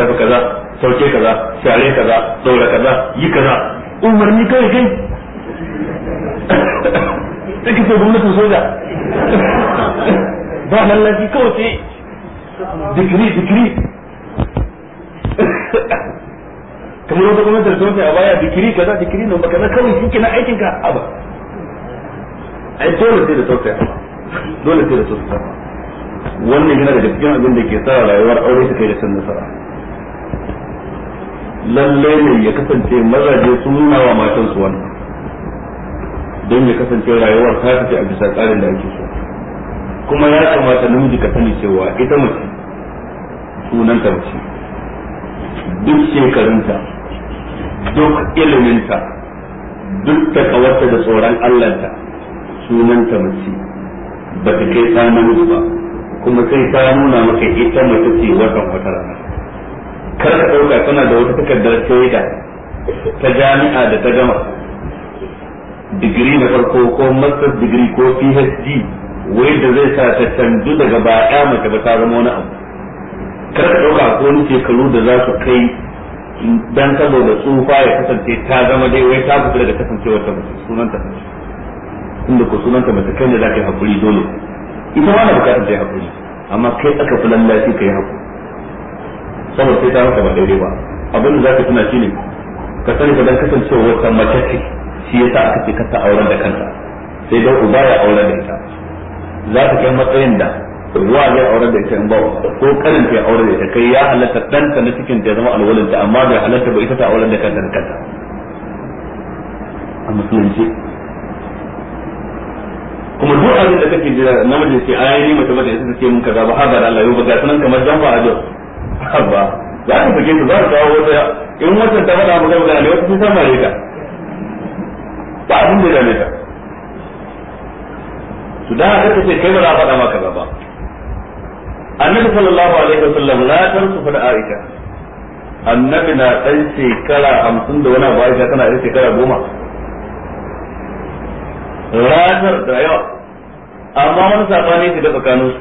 dafa kaza sauke kaza share kaza saura kaza yi kaza umarni kai kai sai gwamnatin soja ba kawai sai kamar wata gwamnatin a baya kaza baka na kawai shi na aikin ka a ba ai dole sai da a dole sai da a wannan yana daga cikin abin da ke sa rayuwar aure kai da san nasara lalle ne ya kasance mazaje sun nuna wa matansu wannan don ya kasance rayuwar ta tafi a bisa tsarin da ake so kuma ya kamata namiji ka sani cewa ita mace sunanta mace duk shekarunta duk iliminta duk takawarta da tsoron allanta sunanta mace ba ta kai ta namiji ba kuma sai ta nuna maka ita mace ce watan wata rana kar ka dauka tana da wata takardar shaida ta jami'a da ta gama digiri na farko ko master digiri ko phd wai da zai sa ta canzu daga baya mace ba ta zama wani abu kar ka dauka ko wani shekaru da za su kai dan saboda tsufa ya kasance ta zama dai wai ta fita daga kasancewar ta mace ta mace tunda ko ta mace kai ne zaka yi hakuri dole ita ma na bukatar ta yi hakuri amma kai aka fi lallaci ka yi hakuri saboda sai ta maka ba daidai ba abin da za ka tuna shi ne ka sani ka dan kasancewar ta mace ce shi yasa aka ce kasa auren da kanta sai dai uba ya aure da ita za ta kai matsayin da uwa ya aure da ita in ba ko karin ta aure da ita kai ya halatta danta na cikin ta zama alwalin ta amma bai halatta ba ita ta aure da kanta da kanta a musulunci kuma duk abin da kake jira namijin sai ayi mace ba da ita take mun kaza ba haka da Allah yau ba ga sunan kamar dan ba ajo ba za ka fage su za ka kawo wata in wata ta faɗa maka magana ne wata sai ta mare ka ba abin da dame ta su da haka ta ce kai ba za a faɗa maka ba annabi sallallahu alaihi wasallam la su da aika annabi na ɗan shekara hamsin da wani bai tana ɗan shekara goma ranar da yawa amma wani sabani shiga tsakanin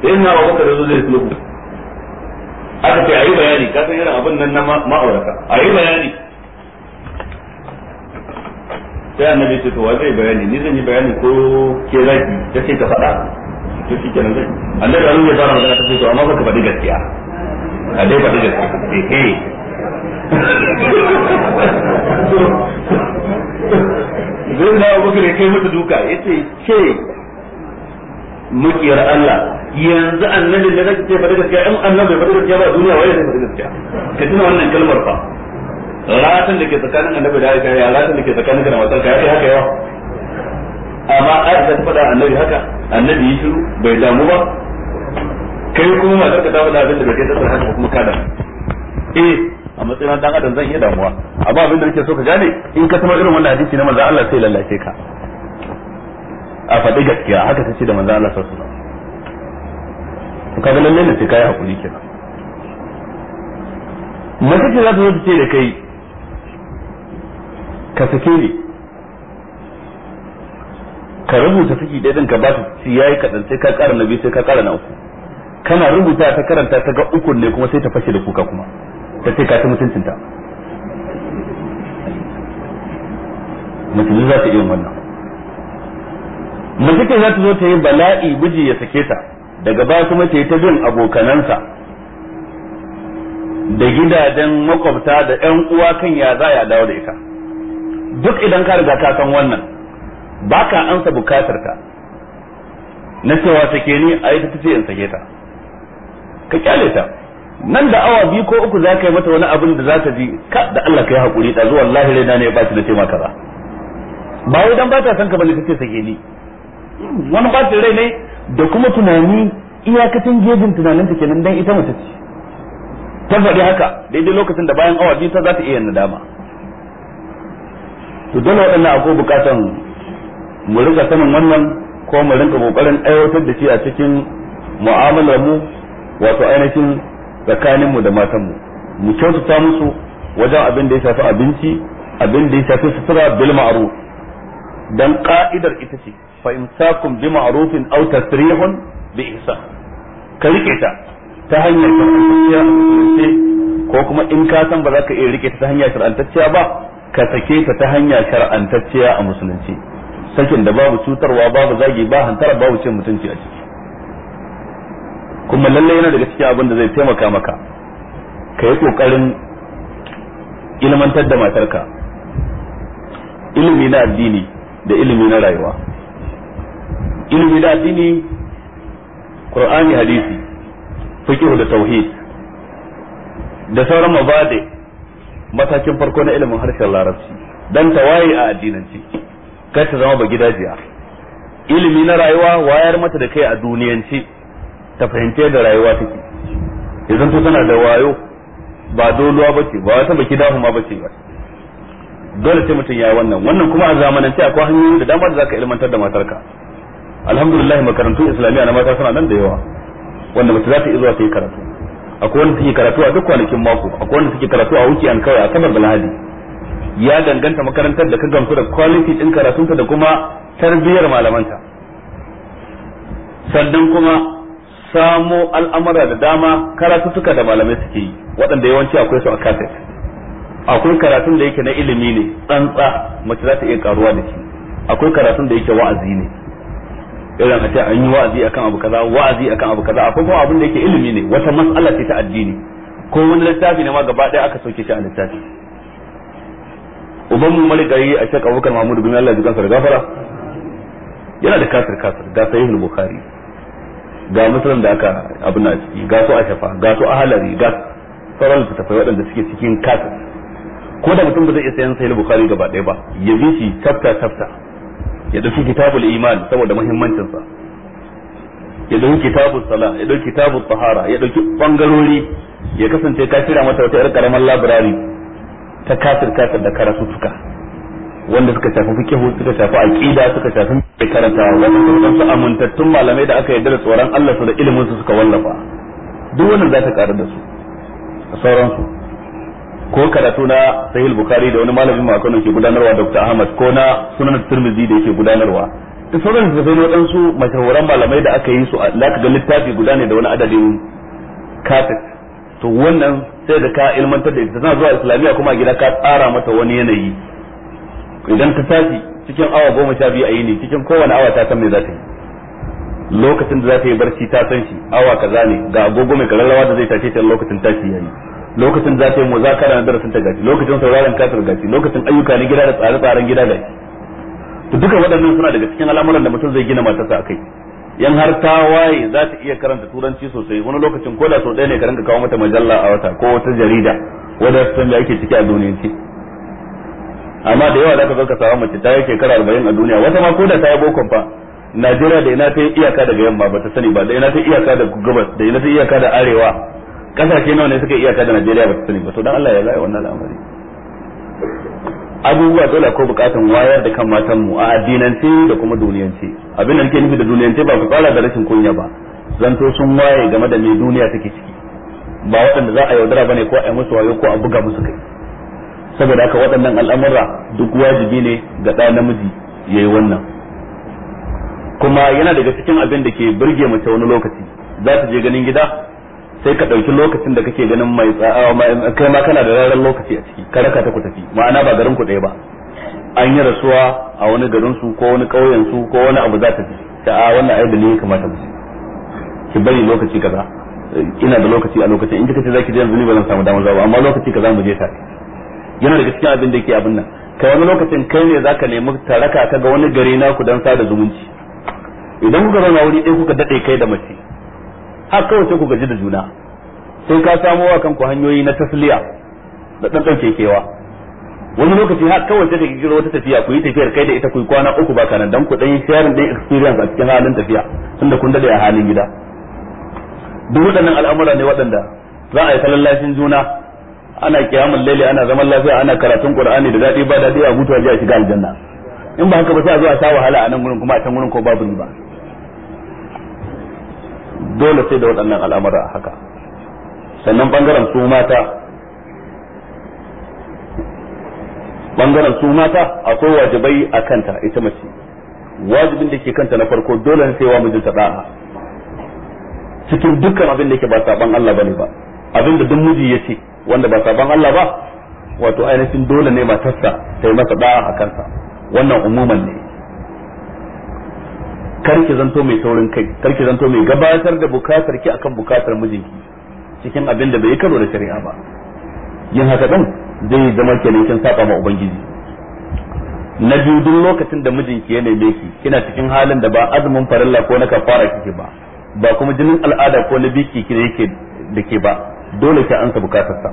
su in na abu da zai sulhu aka ce a yi bayani ka san irin abin nan na ma'aurata a yi bayani sai annabi ce to wa zai bayani ni zan yi bayani ko ke zaki ta ce ka faɗa to shi kenan zai annabi an yi fara magana ta ce to amma baka faɗi gaskiya a dai faɗi gaskiya eh, eh. (laughs) zai na abubakar ya kai mata duka ya ce ce mukiyar Allah yanzu annabi da zai ce faɗi gaskiya in annabi faɗi gaskiya ba duniya waye zai faɗi gaskiya ka tuna wannan kalmar fa ratan da ke tsakanin annabi da aisha ya ratan da ke tsakanin ka da matar ka ya haka yawa amma aisha ta faɗa annabi haka annabi yi shiru bai damu ba kai kuma matar ka ta faɗa abin da bai kai ta haka kuma kada eh a matsayin dan adam zan iya damuwa amma abin da nake so ka gane in ka tama irin wannan hadisi na manzo Allah sai lallace ka a faɗi gaskiya haka ce da manzo Allah sallallahu alaihi wasallam kaga lalle ne sai kai hakuri kenan mace ce za ta zo ta ce da kai ka sake ni ka rubuta saki ɗaya ka ba su ya yi kaɗan sai ka ƙara na biyu sai ka ƙara na uku kana rubuta ta karanta ta ga uku ne kuma sai ta fashe da kuka kuma ta ce ka ta mutuncinta mutum za ta iya wannan mutum za ta zo ta yi bala'i miji ya sake ta daga ba kuma ta yi ta bin abokanansa da gidajen makwabta da 'yan uwa kan ya za ya dawo da ita duk idan ka riga ka san wannan baka ansa bukatar ka na cewa sake ni a yi tace in sake ta ka kyale ta nan da awa biyu ko uku za ka mata wani abin da za ta ji ka da Allah ka yi hakuri da zuwa wallahi na ne ba shi da tema kaza ba wai dan ba ta san ka bane kace sake ni wani ba rai ne da kuma tunani iyakacin gejin tunanin ta kenan dan ita mace ce ta faɗi haka daidai lokacin da bayan awa biyu ta za ta iya nadama to dole waɗannan akwai bukatan mu rika sanin wannan ko mu rinka kokarin aiwatar da shi a cikin mu'amalar mu wato ainihin tsakanin mu da matan mu mu kyautata musu wajen abin da ya shafi abinci abin da ya shafi sutura bil ma'ruf dan ka'idar ita ce fa imsakum bi ma'rufin aw tasrihun bi ihsan ka rike ta ta hanyar ta ko kuma in ka san ba za ka iya rike ta ta hanyar shar'antacciya ba ka sake ta ta hanya shar'antacciya a musulunci sakin da babu cutarwa babu zagi ba hantara babu cin mutunci a ciki kuma lalle yana daga cikin abin da zai taimaka maka ka yi kokarin ilmantar da matarka ilimi na addini da ilimi na rayuwa ilimi na addini qur'ani hadisi fiqh da tauhid da sauran mabadi matakin farko na ilimin harshen larabci dan waye a addinance kar ta zama ba gidajiya ilimi na rayuwa wayar mata da kai a duniyance ta fahimce da rayuwa take idan to tana da wayo ba doluwa bace ba wata baki dahu ma bace ba dole sai mutum ya wannan wannan kuma a zamanance akwai hanyoyi da dama da zaka ilmantar da matarka alhamdulillah makarantu islamiyya na mata suna nan da yawa wanda mace za ta iya zuwa ta yi karatu akwai wanda suke karatu a duk kwanakin mako akwai wanda suke karatu a wuki an kawai a kamar da lahadi ya danganta makarantar da ka gamsu da quality din karatunta da kuma tarbiyyar malamanta sannan kuma samo al'amura da dama suka da malamai suke yi waɗanda yawanci akwai su a kafet akwai karatun da yake na ilimi ne tsantsa mace za ta iya karuwa da shi akwai karatun da yake wa'azi ne irin a ce an yi wa'azi akan abu kaza wa'azi akan abu kaza akwai kuma abin da yake ilimi ne wata mas'ala ce ta addini ko wani littafi ne ma gaba ɗaya aka soke shi a littafi uban mu marigayi a shek abubakar mahmudu bin allah jikansa da gafara yana da kasir kasir ga sahihul bukhari ga musulun da aka abin na ciki ga su shafa ga su halari ga sauran littattafai waɗanda suke cikin kasir ko da mutum ba zai iya sayan sahihul bukhari gaba ɗaya ba ya bi shi tafta tafta ya dauki kitabul iman saboda muhimmancin sa ya dauki kitabul sala ya dauki kitabul tahara ya dauki bangarori ya kasance ka shirya mata wata yar karamar library ta kafir kafir da karatu tuka wanda suka shafi fikihu suka shafi aqida suka shafi mai karanta wanda su amintattun malamai da aka yarda da tsoron Allah su da ilimin su suka wallafa duk wannan za ta karu da su sauransu ko karatu na sahih bukhari da wani malamin ma kano ke gudanarwa dr ahmad ko na sunan tirmidhi da yake gudanarwa da sauran da sai waɗansu mashahuran malamai da aka yi su da ka ga littafi guda ne da wani adadin kafet to wannan sai da ka ilmantar da ita zuwa islamiyya kuma a gida ka tsara mata wani yanayi idan ta tashi cikin awa goma sha biyu a yi ne cikin kowane awa ta san me za ta yi lokacin da za ta yi barci ta san shi awa kaza ne ga agogo mai kararrawa da zai tashe ta lokacin tashi yayi lokacin za ta yi muzakara na darasin ta gaci lokacin sauraron kafin gaci lokacin ayyuka na gida da tsare-tsaren gida da to duka waɗannan suna daga cikin al'amuran da mutum zai gina matarsa a kai yan har ta waye za ta iya karanta turanci sosai wani lokacin ko da sau ɗaya ne ka rinka kawo mata majalla a wata ko wata jarida wadda ta san ake ciki a ce amma da yawa za ka zo ka samu mace ta yi shekara arba'in a duniya wata ma ko da ta yi bokon fa Najeriya da ina ta yi iyaka daga yamma ba ta sani ba da ina ta yi iyaka da gabas da ina ta yi iyaka da arewa kasashe nawa ne suka iyaka da Najeriya ba su sani ba to dan Allah ya zai wannan al'amari abubuwa dole ko bukatan wayar da kan matan mu a addinance da kuma duniyance abin da nake nufi da duniyance ba ku fara da rashin kunya ba zanto sun waye game da me duniya take ciki ba waɗanda za a yaudara bane ko a yi musu wayo ko a buga musu kai saboda haka waɗannan al'amura duk wajibi ne ga ɗa namiji ya yi wannan kuma yana daga cikin abin da ke burge mace wani lokaci za ta je ganin gida sai ka ɗauki lokacin da kake ganin ah, mai kai ma kana da rarar lokaci a ciki ka raka ta ku tafi ma'ana ba garin ku ɗaya ba an yi rasuwa a wani garin su ko wani ƙauyen su ko wani abu za ta fi ta a ah, wannan ayyuka ne ya kamata mu ki bari lokaci kaza ina da lokaci a lokacin in kika ce zaki je yanzu ni ba zan samu damar zuwa amma lokaci kaza mu je tare yana daga cikin abin da yake abin nan kai wani lokacin kai ne zaka nemi taraka ta ga wani gari na ku dan sa da zumunci idan kuka zauna wuri ɗaya kuka daɗe kai da mace har kawai sai ku gaji da juna sai ka samo wa kanku hanyoyi na tasliya da dan kekewa wani lokaci har kawai sai da kira wata tafiya ku yi tafiyar kai da ita ku yi kwana uku ba kanan dan ku dan sharing day experience a cikin halin tafiya tunda kun dade a halin gida duk waɗannan al'amura ne waɗanda za a yi talallashin juna ana kiyamun laili ana zaman lafiya ana karatun qur'ani da dadi ba dadi a mutuwa ji a shiga aljanna in ba haka ba sai a zo a sa wahala a nan gurin kuma a can gurin ko babu ba dole sai da waɗannan al'amura a haka sannan bangaren su mata bangaren su mata akwai wajibai a kanta ita mace wajibin da ke kanta na farko dole ne sai wa ta da'a cikin dukkan abin da ke ba saban Allah bane ba abin da duk miji ya ce wanda ba saban Allah ba wato ainihin dole ne matarsa ta yi masa da'a a kansa wannan umuman ne karki zanto mai saurin kai karki zanto mai gabatar da bukatar ki akan bukatar mijinki cikin abin da bai yi karo da shari'a ba yin haka din zai zama kenan kin saba ma ubangiji na biyu duk lokacin da mijinki ya neme ki kina cikin halin da ba azumin farilla ko na kafara kike ba ba kuma jinin al'ada ko na biki kike yake da ba dole ki ansa bukatarsa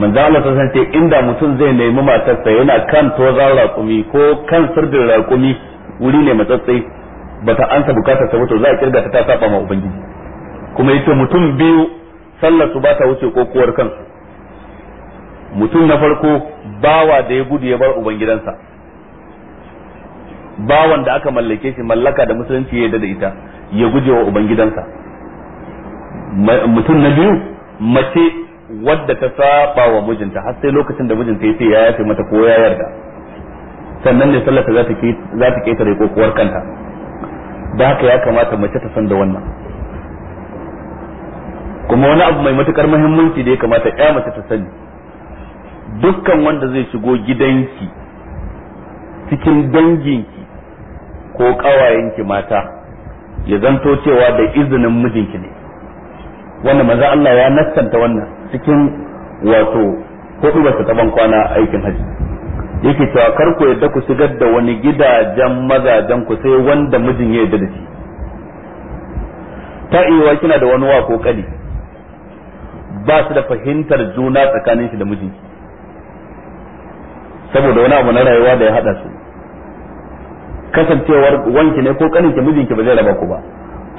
manzo Allah sai ce inda mutum zai nemi matarsa yana kan tozan raƙumi ko kan sirdin raƙumi wuri ne matsatsai bata ansa bukatar ta wato za a kirga ta saba ma ubangiji kuma yace mutum biyu sallar su ba ta wuce kokowar kansu mutum na farko bawa da ya gudu ya bar ubangidansa bawan da aka mallake shi mallaka da musulunci ya yarda da ita ya guje wa ubangidansa mutum na biyu mace wadda ta saba wa mijinta har sai lokacin da mijinta ya ce ya yafe mata ko ya yarda sannan ne sallar za ta ketare kokowar kanta da haka ya kamata mace ta san da wannan kuma wani abu mai matukar muhimmanci da ya kamata ya mace ta sani dukkan wanda zai shigo gidanki cikin danginki ko kawayenki mata ya zanto cewa da izinin mijinki ne wannan maza Allah ya nassanta wannan cikin wato hudu ta taban kwana aikin hajji yake cewa kar ku yadda ku shigar da wani gidajen mazajen ku sai wanda mijin ya yadda da shi ta iya kina da wani wako ba su da fahimtar juna tsakanin shi da mijinki saboda wani abu na rayuwa da ya hada su kasancewar wanki ne ko kanin ki mijinki ba zai raba ku ba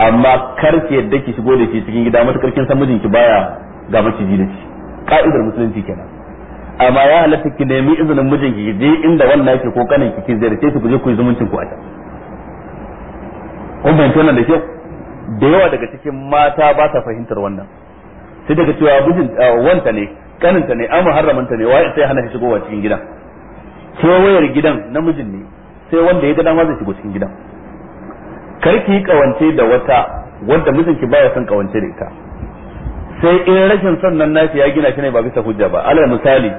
amma kar ki yadda ki shigo da shi cikin gida matakar kin san mijinki baya ga maciji da shi ka'idar musulunci kenan amma ya halatta ki nemi izinin mijin ki je inda wannan yake ko kanin ki ziyarce su ku je ku yi zumuncin ku a can kun fahimci wannan da kyau da yawa daga cikin mata ba sa fahimtar wannan sai daga cewa mijin wanta ne kaninta ne an muharramanta ne wai sai hana shi shigowa cikin gidan wayar gidan namijin ne sai wanda ya ga dama zai shigo cikin gidan kar ki yi kawance da wata wanda mijinki baya son kawance da ita sai in rashin son nan nashi ya gina shi ne ba bisa hujja ba alal misali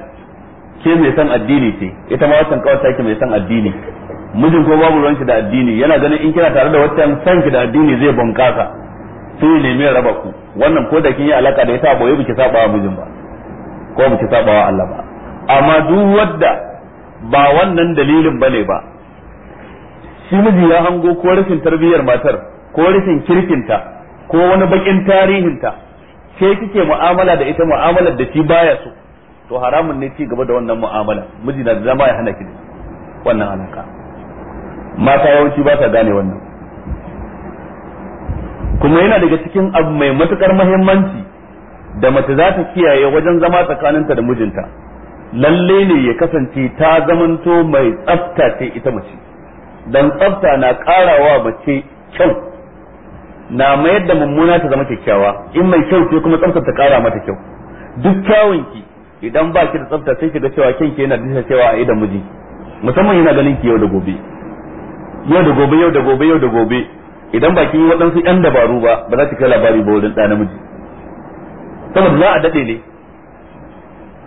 ke mai son addini ce ita ma waccan kawai take mai son addini mijin ko babu ruwan shi da addini yana ganin in kina tare da waccan son ki da addini zai bunkasa sai ne mai raba ku wannan ko da kin yi alaka da ita ba yau biki saba wa mijin ba ko biki saba wa Allah ba amma duk wadda ba wannan dalilin bane ba shi miji ya hango ko rashin tarbiyyar matar ko rashin kirkinta ko wani bakin tarihinta sai kike mu'amala da ita mu'amalar da shi baya so to haramun ne ci gaba da wannan mu'amala miji na da zama ya hana ki wannan alaka mata yawanci ba ta gane wannan kuma yana daga cikin abu mai matukar muhimmanci da mace za ta kiyaye wajen zama tsakaninta da mijinta lalle ne ya kasance ta zamanto mai tsafta ce ita mace dan tsafta na karawa mace kyau na mayar da mummuna ta zama kyakkyawa in mai kyau ce kuma tsafta ta kara mata kyau duk kyawun ki idan ba ki da tsafta sai ki ga cewa ki yana disha cewa a idan miji musamman yana ganin ki yau da gobe yau da gobe yau da gobe yau da gobe idan ba ki yi waɗansu ƴan dabaru ba ba za ki kai labari ba wurin ɗa namiji saboda za a daɗe ne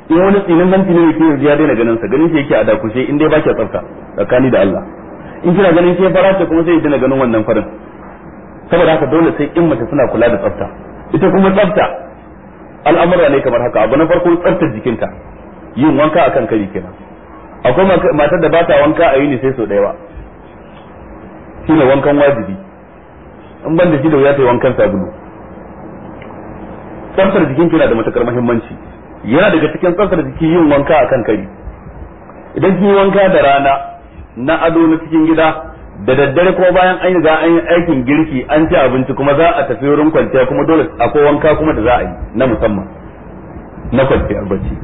in wani tsinin zanti ne yake yanzu ya daina ganin sa ganin shi yake a dakushe in dai ba ki tsafta tsakani da Allah in kina ganin shi fara kuma sai ya daina ganin wannan farin saboda haka dole sai in mace suna kula da tsafta ita kuma tsafta al'amura ne kamar haka abu na farko tsaftar jikinta yin wanka akan kari kenan akwai matar da ba ta wanka a yi ne sai so ɗaya shi shine wankan wajibi in ban da shi da wuya ta yi wankan sabulu tsaftar jikin kina da matukar muhimmanci yana daga cikin tsaftar jiki yin wanka akan kari idan kin wanka da rana na ado na cikin gida da daddare ko bayan an riga an yi aikin girki an ci abinci kuma za a tafi wurin kwanciya kuma dole akwai wanka kuma da za a yi na musamman na kwanciya bacci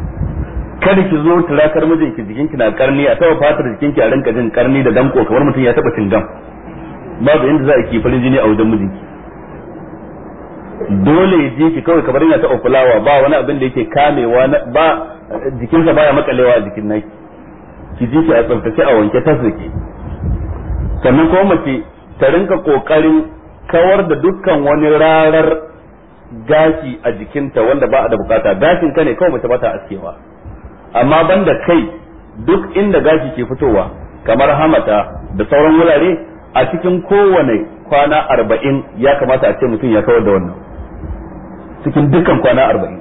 kada ki zo tirakar mijinki jikinki na karni a taba fatar jikinki a rinka jin karni da danko kamar mutum ya taba cingam babu inda za a ki farin jini a wajen mijinki dole ya ji ki kawai kamar yana taba fulawa ba wani abin da yake kamewa ba jikinsa baya makalewa a jikin naki ki ji ki a tsaftace a wanke tasirki sannan kuma mace ta rinka kokarin kawar da dukkan wani rarar gashi a jikinta wanda ba a da bukata gashin ka ne kawai mace ba ta askewa amma banda kai duk inda gashi ke fitowa kamar hamata da sauran wurare a cikin kowane kwana arba'in ya kamata a ce mutum ya kawar da wannan cikin dukkan kwana arba'in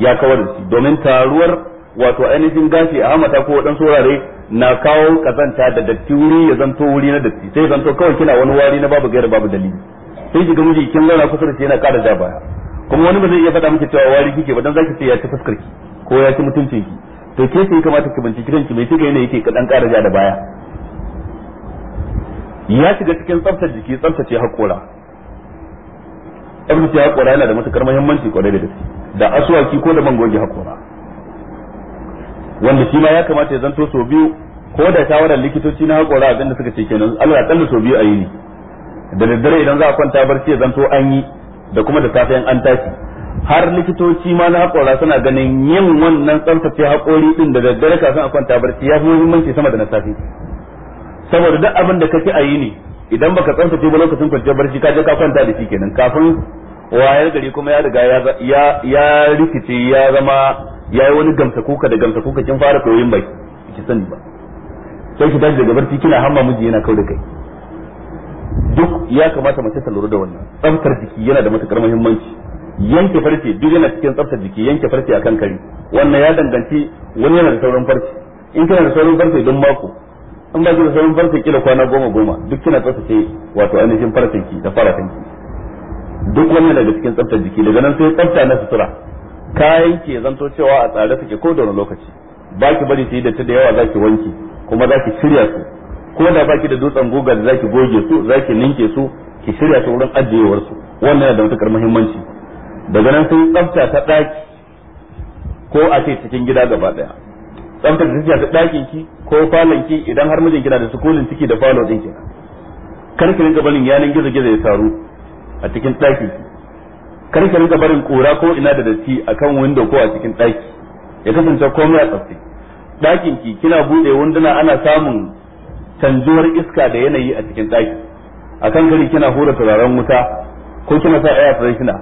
ya kawar da shi domin taruwar wato ainihin gashi a hamata ko waɗansu wurare na kawo kazanta da datti wuri ya zanto wuri na datti sai zanto kawai kina wani wari na babu gaira babu dalili sai ga miji kin zauna kusa da shi yana ƙara ja baya kuma wani ba zai iya faɗa miki cewa wari kike ba dan zaki ce ya ci fuskar ki ko ya ci mutuncin ki to ke sai kamata ki binciki kanki mai kika yana yake kadan ƙara ja da baya ya shiga cikin tsaftar jiki tsaftace hakora tsaftace hakora yana da matukar muhimmanci kwarai da gaske da aswaki ko da man haƙora. hakora wanda shi ma ya kamata ya zanto sau biyu ko da shawarar likitoci na hakora abin da suka ce kenan Allah akalla sau biyu a yi ne da daddare idan za a kwanta barci ya zanto an yi da kuma da safe an tashi har likitoci ma na hakora suna ganin yin wannan tsaftace hakori din da daddare kafin a kwanta barci ya fi muhimmanci sama da na safe saboda duk abin da kake a yi ne idan baka tsaftace ba lokacin kwanciyar barci ka je ka kwanta da shi kenan kafin wayar gari kuma ya riga ya ya rikice ya zama Ya yi wani gamsa kuka da gamsa kuka kin fara koyon bai ki sani ba sai ki tashi daga barci kina hamma miji yana kau da kai duk ya kamata mace ta lura da wannan tsaftar jiki yana da matukar muhimmanci yanke farce duk yana cikin tsaftar jiki yanke farce akan kari wannan ya danganci wani yana da sauran farce in kana da sauran farce don mako in ba ki da sauran farce kila kwana goma goma duk kina tsaftace wato ainihin farcen ki da fara tanki. duk wannan daga cikin tsaftar jiki daga nan sai tsafta na sutura kayan ke zanto cewa a tsare suke ko da wani lokaci ba ki bari su yi datti da yawa za ki wanke kuma za ki shirya su ko da ba ki da dutsen guga za ki goge su za ki ninke su ki shirya su wurin ajiyewar su wannan yana da matukar muhimmanci daga nan sun tsafta ta daki ko a ce cikin gida gaba daya tsafta da take ta dakin ki ko falon ki idan har mijin na da sukulin ciki da falon din ki kar ki rinka barin yanan gizo gizo ya taru a cikin dakin ki kar ka rinka barin kura ko ina da datti akan window ko a cikin daki ya kasance komai a tsaftace dakin ki kina bude wunduna ana samun canjuwar iska da yanayi a cikin daki akan gari kina hura turaren wuta ko kina sa air freshener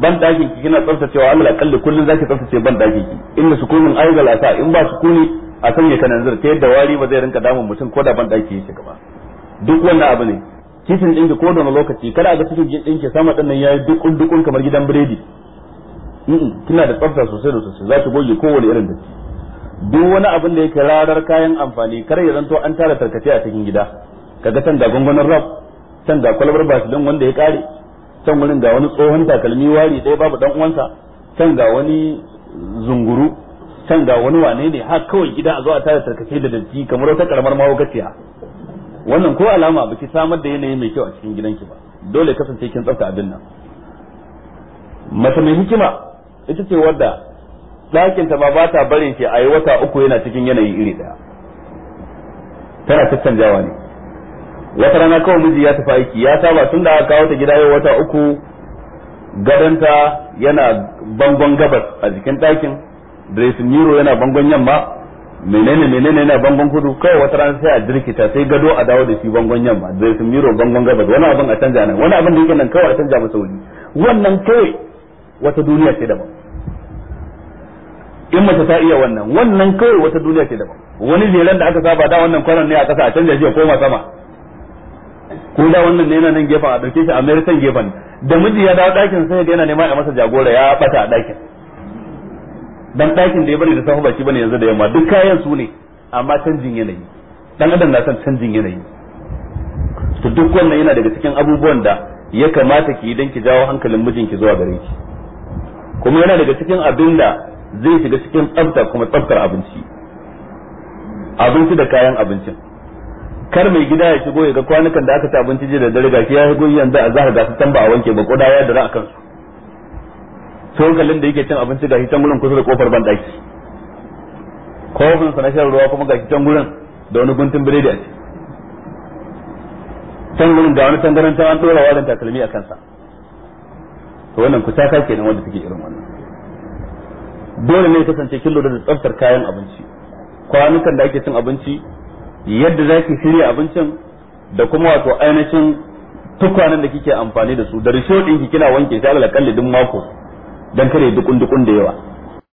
ban dakin ki kina tsaftacewa Allah kalli kullun zaki tsaftace ban dakin ki inda sukunin ayyuka asa in ba sukuni a sanya kananzir ta yadda wari ba zai rinka damun mutum ko da ban daki yake gaba duk wannan abu ne din ɗinki ko da lokaci kada a ga din ɗinki sama ɗin nan yayi dukun dukun kamar gidan biredi kina da tsafta sosai da sosai za ki goge kowane irin datti duk wani abin da yake rarar kayan amfani kar ya zanto an tara tarkace a cikin gida kaga can ga gungunan rab can ga kwalbar basilin wanda ya kare can wurin ga wani tsohon takalmi wari daya babu dan uwansa can ga wani zunguru can ga wani wane ne har kawai gida a zo a tara tarkace da datti kamar wata karamar mahaukaciya wannan ko alama baki samar da yanayi mai kyau a cikin gidanki ba dole kasance kin tsafta abin nan mace mai hikima ita ce wadda ta ba ba ta barin shi a yi wata uku yana cikin yanayi iri daya tana jawa ne wata rana kawai miji ya tafi aiki ya saba tun da kawo ta gida yau wata uku gadanta yana bangon gabas a jikin ɗakin dressing miro yana bangon yamma menene menene yana bangon kudu kawai wata ran sai a jirkita sai gado a dawo da shi bangon yamma da su miro bangon gabas wani abin a canja nan wani abin da yake nan kawai a canja masa wuri wannan kawai wata duniya ce daban in mace ta iya wannan wannan kawai wata duniya ce daban wani jeren da aka saba da wannan kwanan ne a kasa a canja shi ya koma sama ko da wannan ne nan gefen a dauke shi a mayar san gefen da miji ya dawo dakin sai ga yana neman a masa jagora ya bata a dakin dan ɗakin da ya bari da safa baki bane yanzu da yamma duk kayan su ne amma canjin yanayi dan adam na son canjin yanayi to duk wannan yana daga cikin abubuwan da ya kamata ki idan ki jawo hankalin mijinki zuwa gare ki kuma yana daga cikin abin da zai shiga cikin tsafta kuma tsaftar abinci abinci da kayan abincin kar mai gida ya shigo ya ga kwanukan da aka ci abinci jiya da dare ki ya shigo yanzu a zaka ga su tamba a wanke ba koda ya dara akan su cokalin da yake cin abinci ga can gurin kusa da kofar ban daki kofin na shan ruwa kuma ga can gurin da wani guntun biredi a can gurin ga wani tangaran ta an dora wadan takalmi a kansa to wannan ku taka kenan wanda take irin wannan dole ne kasance kin lura da tsaftar kayan abinci kwanukan da ake cin abinci yadda za ki shirya abincin da kuma wato ainihin tukwanen da kike amfani da su da risho ɗinki ki kina wanke shi alal kalli duk mako dan kare dukun dukun da yawa